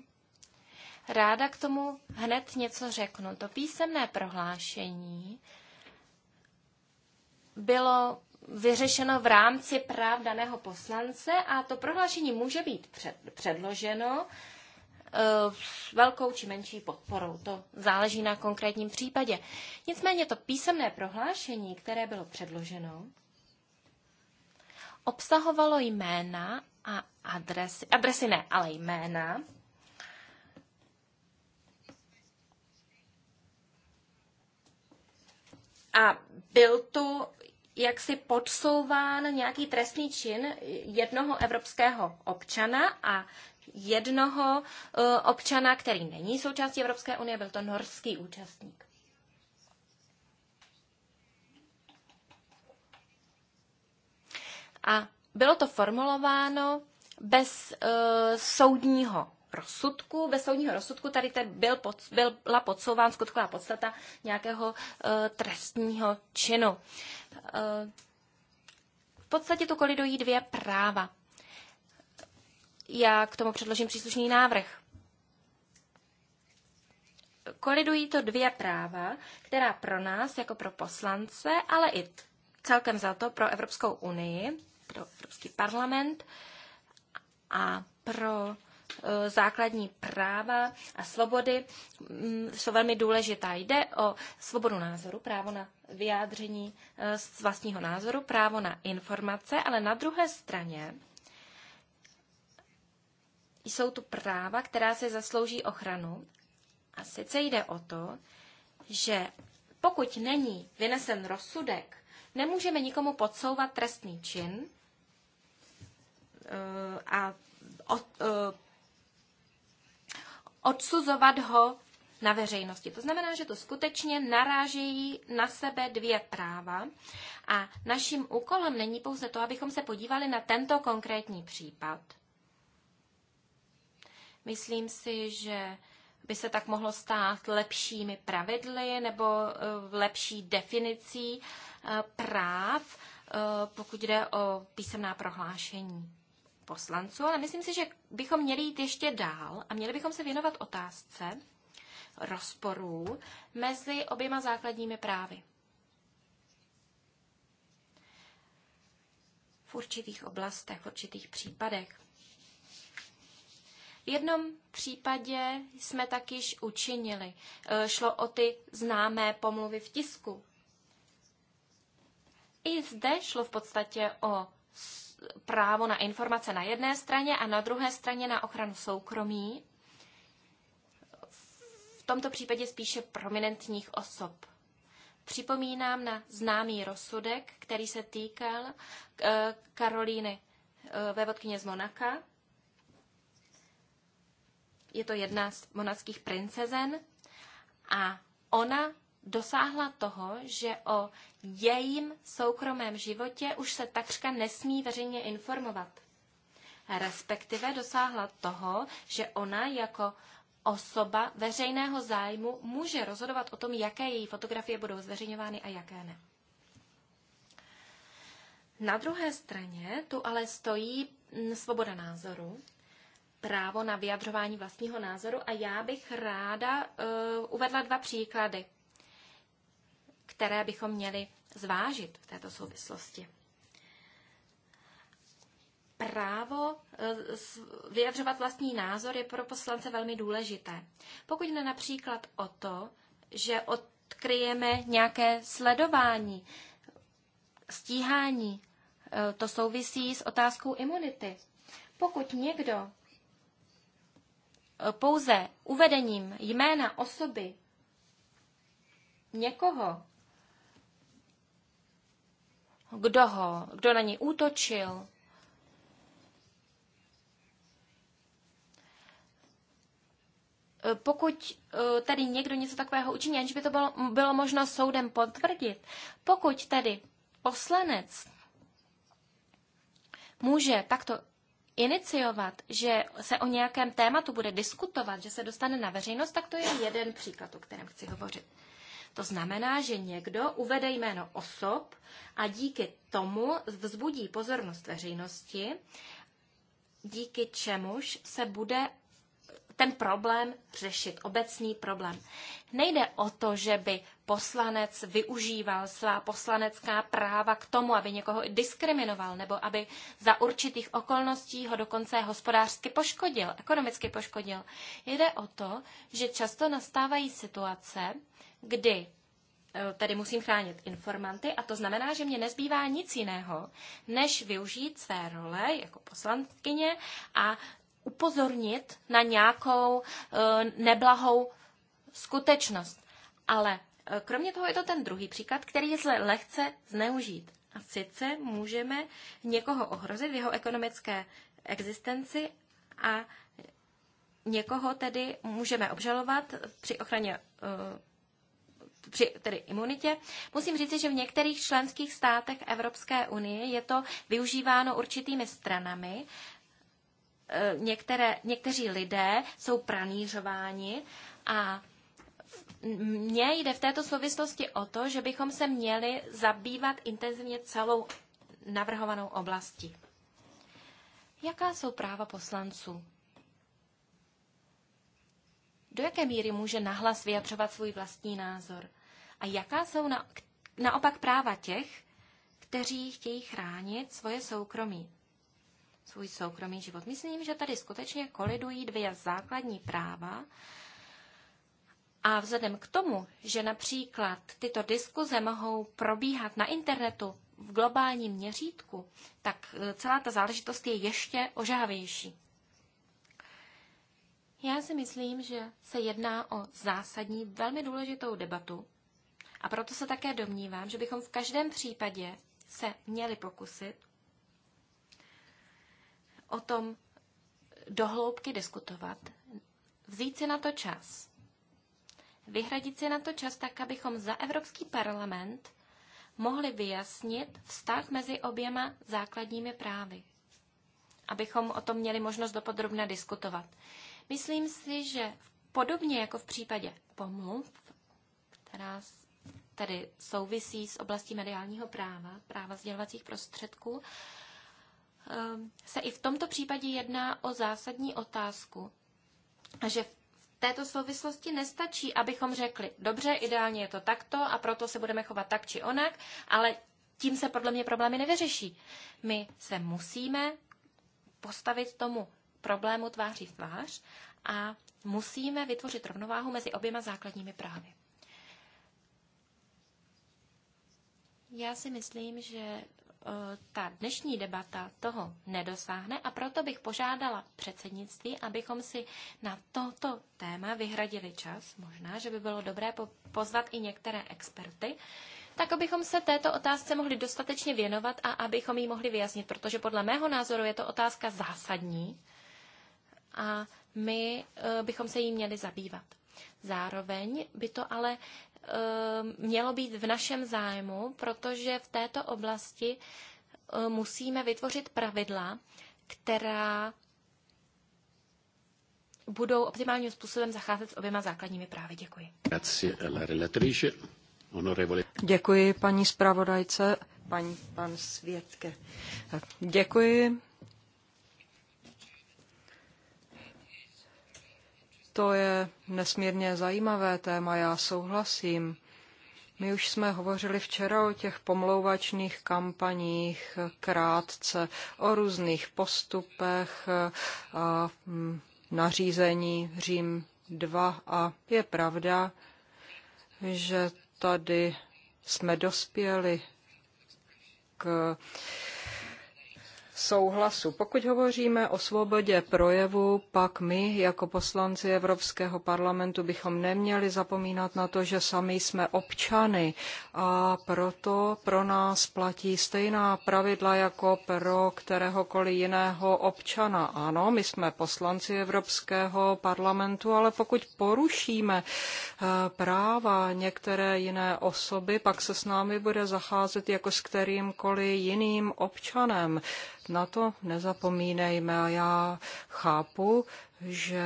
Ráda k tomu hned něco řeknu. To písemné prohlášení bylo vyřešeno v rámci práv daného poslance a to prohlášení může být před, předloženo s eh, velkou či menší podporou. To záleží na konkrétním případě. Nicméně to písemné prohlášení, které bylo předloženo, obsahovalo jména a adresy, adresy ne, ale jména a byl tu jaksi podsouván nějaký trestný čin jednoho evropského občana a jednoho e, občana, který není součástí Evropské unie, byl to norský účastník. A bylo to formulováno bez e, soudního rozsudku, bez soudního rozsudku, tady te byl pod, byla podsouván skutková podstata nějakého e, trestního činu. E, v podstatě tu kolidují dvě práva. Já k tomu předložím příslušný návrh. Kolidují to dvě práva, která pro nás, jako pro poslance, ale i celkem za to pro Evropskou unii, pro Evropský parlament a pro Eh, základní práva a svobody mm, jsou velmi důležitá. Jde o svobodu názoru, právo na vyjádření eh, z vlastního názoru, právo na informace, ale na druhé straně jsou tu práva, která se zaslouží ochranu. A sice jde o to, že pokud není vynesen rozsudek, nemůžeme nikomu podsouvat trestný čin eh, a odsuzovat ho na veřejnosti. To znamená, že to skutečně narážejí na sebe dvě práva a naším úkolem není pouze to, abychom se podívali na tento konkrétní případ. Myslím si, že by se tak mohlo stát lepšími pravidly nebo eh, lepší definicí eh, práv, eh, pokud jde o písemná prohlášení poslanců, ale myslím si, že bychom měli jít ještě dál a měli bychom se věnovat otázce rozporů mezi oběma základními právy. V určitých oblastech, v určitých případech. V jednom případě jsme tak již učinili. E, šlo o ty známé pomluvy v tisku. I zde šlo v podstatě o právo na informace na jedné straně a na druhé straně na ochranu soukromí, v tomto případě spíše prominentních osob. Připomínám na známý rozsudek, který se týkal eh, Karolíny eh, vévodkyně z Monaka. Je to jedna z monackých princezen a ona dosáhla toho, že o jejím soukromém životě už se takřka nesmí veřejně informovat. Respektive dosáhla toho, že ona jako osoba veřejného zájmu může rozhodovat o tom, jaké její fotografie budou zveřejňovány a jaké ne. Na druhé straně tu ale stojí mm, svoboda názoru, právo na vyjadřování vlastního názoru a já bych ráda uh, uvedla dva příklady které bychom měli zvážit v této souvislosti. Právo e, vyjadřovat vlastní názor je pro poslance velmi důležité. Pokud jde například o to, že odkryjeme nějaké sledování, stíhání, e, to souvisí s otázkou imunity. Pokud někdo e, pouze uvedením jména osoby někoho kdo, ho, kdo na ní útočil. E, pokud e, tady někdo něco takového učiní, aniž by to bylo, bylo možno soudem potvrdit, pokud tedy poslanec může takto iniciovat, že se o nějakém tématu bude diskutovat, že se dostane na veřejnost, tak to je jeden příklad, o kterém chci hovořit. To znamená, že někdo uvede jméno osob a díky tomu vzbudí pozornost veřejnosti, díky čemuž se bude ten problém řešit, obecný problém. Nejde o to, že by poslanec využíval svá poslanecká práva k tomu, aby někoho diskriminoval nebo aby za určitých okolností ho dokonce hospodářsky poškodil, ekonomicky poškodil. Jde o to, že často nastávají situace, kdy eh, tedy musím chránit informanty a to znamená, že mě nezbývá nic jiného, než využít své role jako poslankyně a upozornit na nějakou eh, neblahou skutečnost. Ale eh, kromě toho je to ten druhý příklad, který je lehce zneužít. A sice můžeme někoho ohrozit v jeho ekonomické existenci a někoho tedy můžeme obžalovat při ochraně při tedy imunitě. Musím říct, že v některých členských státech Evropské unie je to využíváno určitými stranami. E, některé, někteří lidé jsou pranířováni a mně jde v této souvislosti o to, že bychom se měli zabývat intenzivně celou navrhovanou oblastí. Jaká jsou práva poslanců? do jaké míry může nahlas vyjadřovat svůj vlastní názor a jaká jsou na, naopak práva těch, kteří chtějí chránit svoje soukromí, svůj soukromý život. Myslím, že tady skutečně kolidují dvě základní práva, a vzhledem k tomu, že například tyto diskuze mohou probíhat na internetu v globálním měřítku, tak e, celá ta záležitost je ještě ožávější. Já si myslím, že se jedná o zásadní, velmi důležitou debatu a proto se také domnívám, že bychom v každém případě se měli pokusit o tom dohloubky diskutovat, vzít si na to čas, vyhradit si na to čas tak, abychom za Evropský parlament mohli vyjasnit vztah mezi oběma základními právy, abychom o tom měli možnost dopodrobně diskutovat. Myslím si, že podobně jako v případě pomluv, která tedy souvisí s oblastí mediálního práva, práva sdělovacích prostředků, ehm, se i v tomto případě jedná o zásadní otázku, že v této souvislosti nestačí, abychom řekli, dobře, ideálně je to takto a proto se budeme chovat tak či onak, ale tím se podle mě problémy nevyřeší. My se musíme postavit tomu problému tváří v tvář a musíme vytvořit rovnováhu mezi oběma základními právy. Já si myslím, že e, ta dnešní debata toho nedosáhne a proto bych požádala předsednictví, abychom si na toto téma vyhradili čas. Možná, že by bylo dobré pozvat i některé experty, tak abychom se této otázce mohli dostatečně věnovat a abychom ji mohli vyjasnit, protože podle mého názoru je to otázka zásadní a my eh, bychom se jí měli zabývat. Zároveň by to ale eh, mělo být v našem zájmu, protože v této oblasti eh, musíme vytvořit pravidla, která budou optimálním způsobem zacházet s oběma základními právy. Děkuji. Děkuji paní zpravodajce, paní pan Světke. Děkuji To je nesmírně zajímavé téma, já souhlasím. My už jsme hovořili včera o těch pomlouvačných kampaních krátce, o různých postupech a mm, nařízení Řím 2 a je pravda, že tady jsme dospěli k souhlasu. Pokud hovoříme o svobodě projevu, pak my jako poslanci Evropského parlamentu bychom neměli zapomínat na to, že sami jsme občany a proto pro nás platí stejná pravidla jako pro kteréhokoliv jiného občana. Ano, my jsme poslanci Evropského parlamentu, ale pokud porušíme eh, práva některé jiné osoby, pak se s námi bude zacházet jako s kterýmkoliv jiným občanem. Na to nezapomínejme a já chápu, že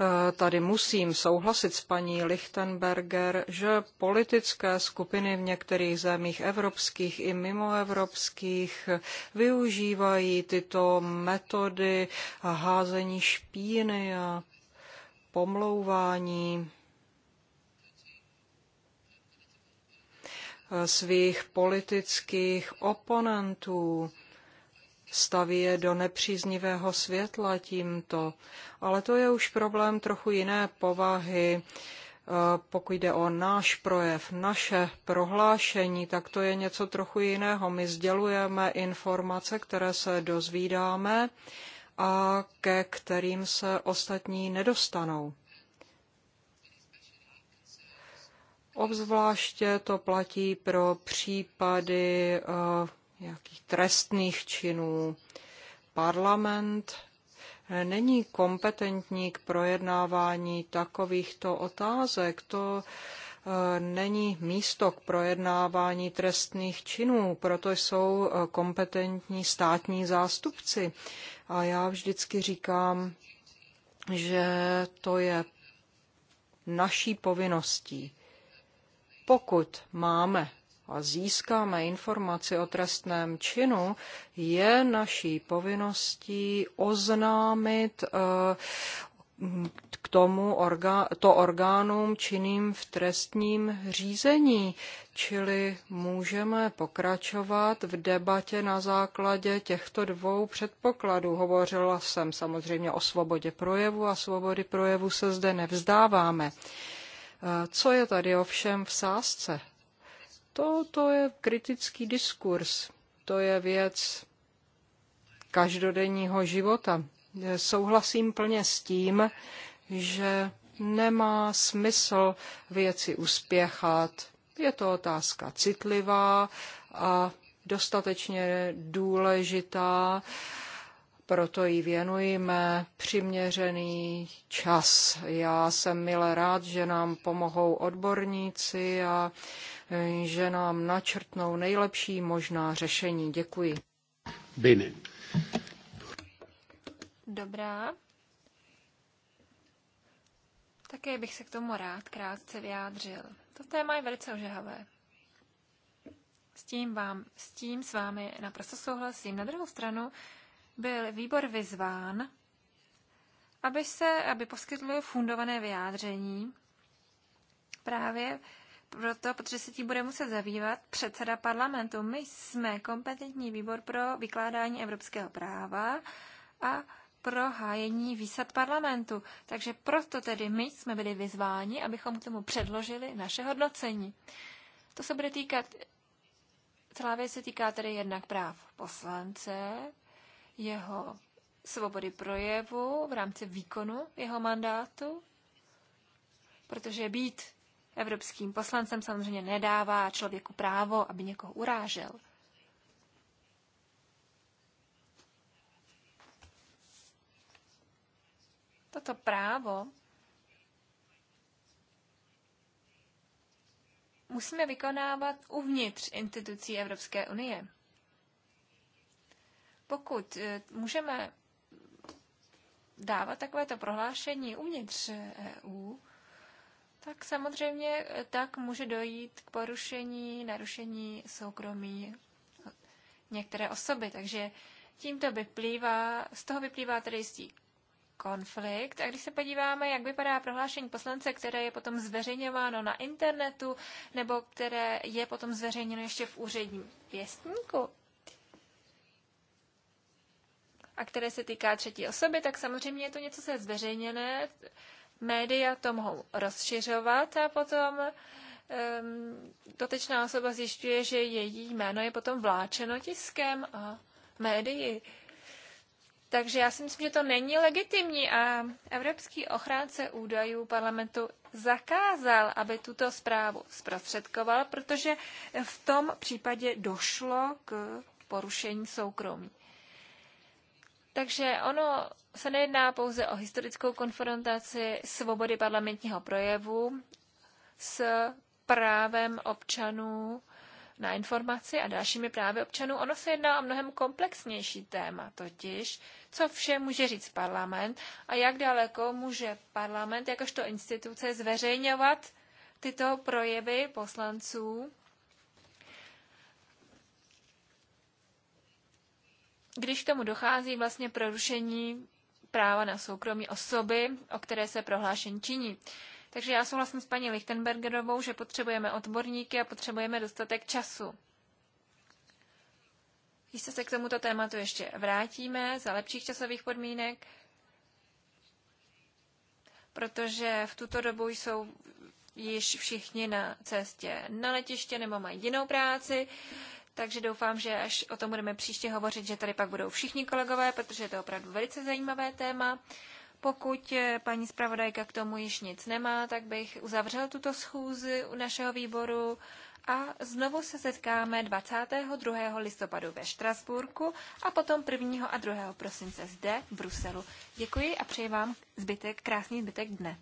eh, tady musím souhlasit s paní Lichtenberger, že politické skupiny v některých zemích evropských i mimoevropských využívají tyto metody házení špíny a pomlouvání svých politických oponentů, staví je do nepříznivého světla tímto. Ale to je už problém trochu jiné povahy. E, pokud jde o náš projev, naše prohlášení, tak to je něco trochu jiného. My sdělujeme informace, které se dozvídáme a ke kterým se ostatní nedostanou. Obzvláště to platí pro případy eh, nějakých trestných činů. Parlament eh, není kompetentní k projednávání takovýchto otázek. To eh, není místo k projednávání trestných činů, proto jsou kompetentní státní zástupci. A já vždycky říkám, že to je naší povinností pokud máme a získáme informaci o trestném činu, je naší povinností oznámit eh, k tomu orga, to orgánům činným v trestním řízení. Čili můžeme pokračovat v debatě na základě těchto dvou předpokladů. Hovořila jsem samozřejmě o svobodě projevu a svobody projevu se zde nevzdáváme. Uh, co je tady ovšem v sázce? To, to je kritický diskurs, to je věc každodenního života. Souhlasím plně s tím, že nemá smysl věci uspěchat. Je to otázka citlivá a dostatečně důležitá proto jí věnujeme přiměřený čas. Já jsem milé rád, že nám pomohou odborníci a e, že nám načrtnou nejlepší možná řešení. Děkuji. Bine. Dobrá. Také bych se k tomu rád krátce vyjádřil. To téma je velice ožehavé. S tím, vám, s tím s vámi naprosto souhlasím. Na druhou stranu byl výbor vyzván, aby, se, aby poskytl fundované vyjádření právě proto, protože se tím bude muset zabývat předseda parlamentu. My jsme kompetentní výbor pro vykládání evropského práva a pro hájení výsad parlamentu. Takže proto tedy my jsme byli vyzváni, abychom k tomu předložili naše hodnocení. To se bude týkat, celá věc se týká tedy jednak práv poslance, jeho svobody projevu v rámci výkonu jeho mandátu, protože být evropským poslancem samozřejmě nedává člověku právo, aby někoho urážel. Toto právo musíme vykonávat uvnitř institucí Evropské unie. Pokud eh, můžeme dávat takovéto prohlášení uvnitř EU, tak samozřejmě eh, tak může dojít k porušení, narušení soukromí některé osoby. Takže tímto vyplývá, z toho vyplývá tedy jistý konflikt. A když se podíváme, jak vypadá prohlášení poslance, které je potom zveřejňováno na internetu, nebo které je potom zveřejněno ještě v úředním věstníku, a které se týká třetí osoby, tak samozřejmě je to něco se zveřejněné, média to mohou rozšiřovat a potom um, dotečná osoba zjišťuje, že její jméno je potom vláčeno tiskem a médií. Takže já si myslím, že to není legitimní a Evropský ochránce údajů parlamentu zakázal, aby tuto zprávu zprostředkoval, protože v tom případě došlo k porušení soukromí. Takže ono se nejedná pouze o historickou konfrontaci svobody parlamentního projevu s právem občanů na informaci a dalšími právy občanů. Ono se jedná o mnohem komplexnější téma, totiž co vše může říct parlament a jak daleko může parlament jakožto instituce zveřejňovat tyto projevy poslanců když k tomu dochází vlastně prorušení práva na soukromí osoby, o které se prohlášení činí. Takže já souhlasím s paní Lichtenbergerovou, že potřebujeme odborníky a potřebujeme dostatek času. Jistě se k tomuto tématu ještě vrátíme za lepších časových podmínek, protože v tuto dobu jsou již všichni na cestě na letiště nebo mají jinou práci, takže doufám, že až o tom budeme příště hovořit, že tady pak budou všichni kolegové, protože je to opravdu velice zajímavé téma. Pokud eh, paní zpravodajka k tomu již nic nemá, tak bych uzavřel tuto schůzi u našeho výboru a znovu se setkáme 22. listopadu ve Štrasburku a potom 1. a 2. prosince zde v Bruselu. Děkuji a přeji vám zbytek, krásný zbytek dne.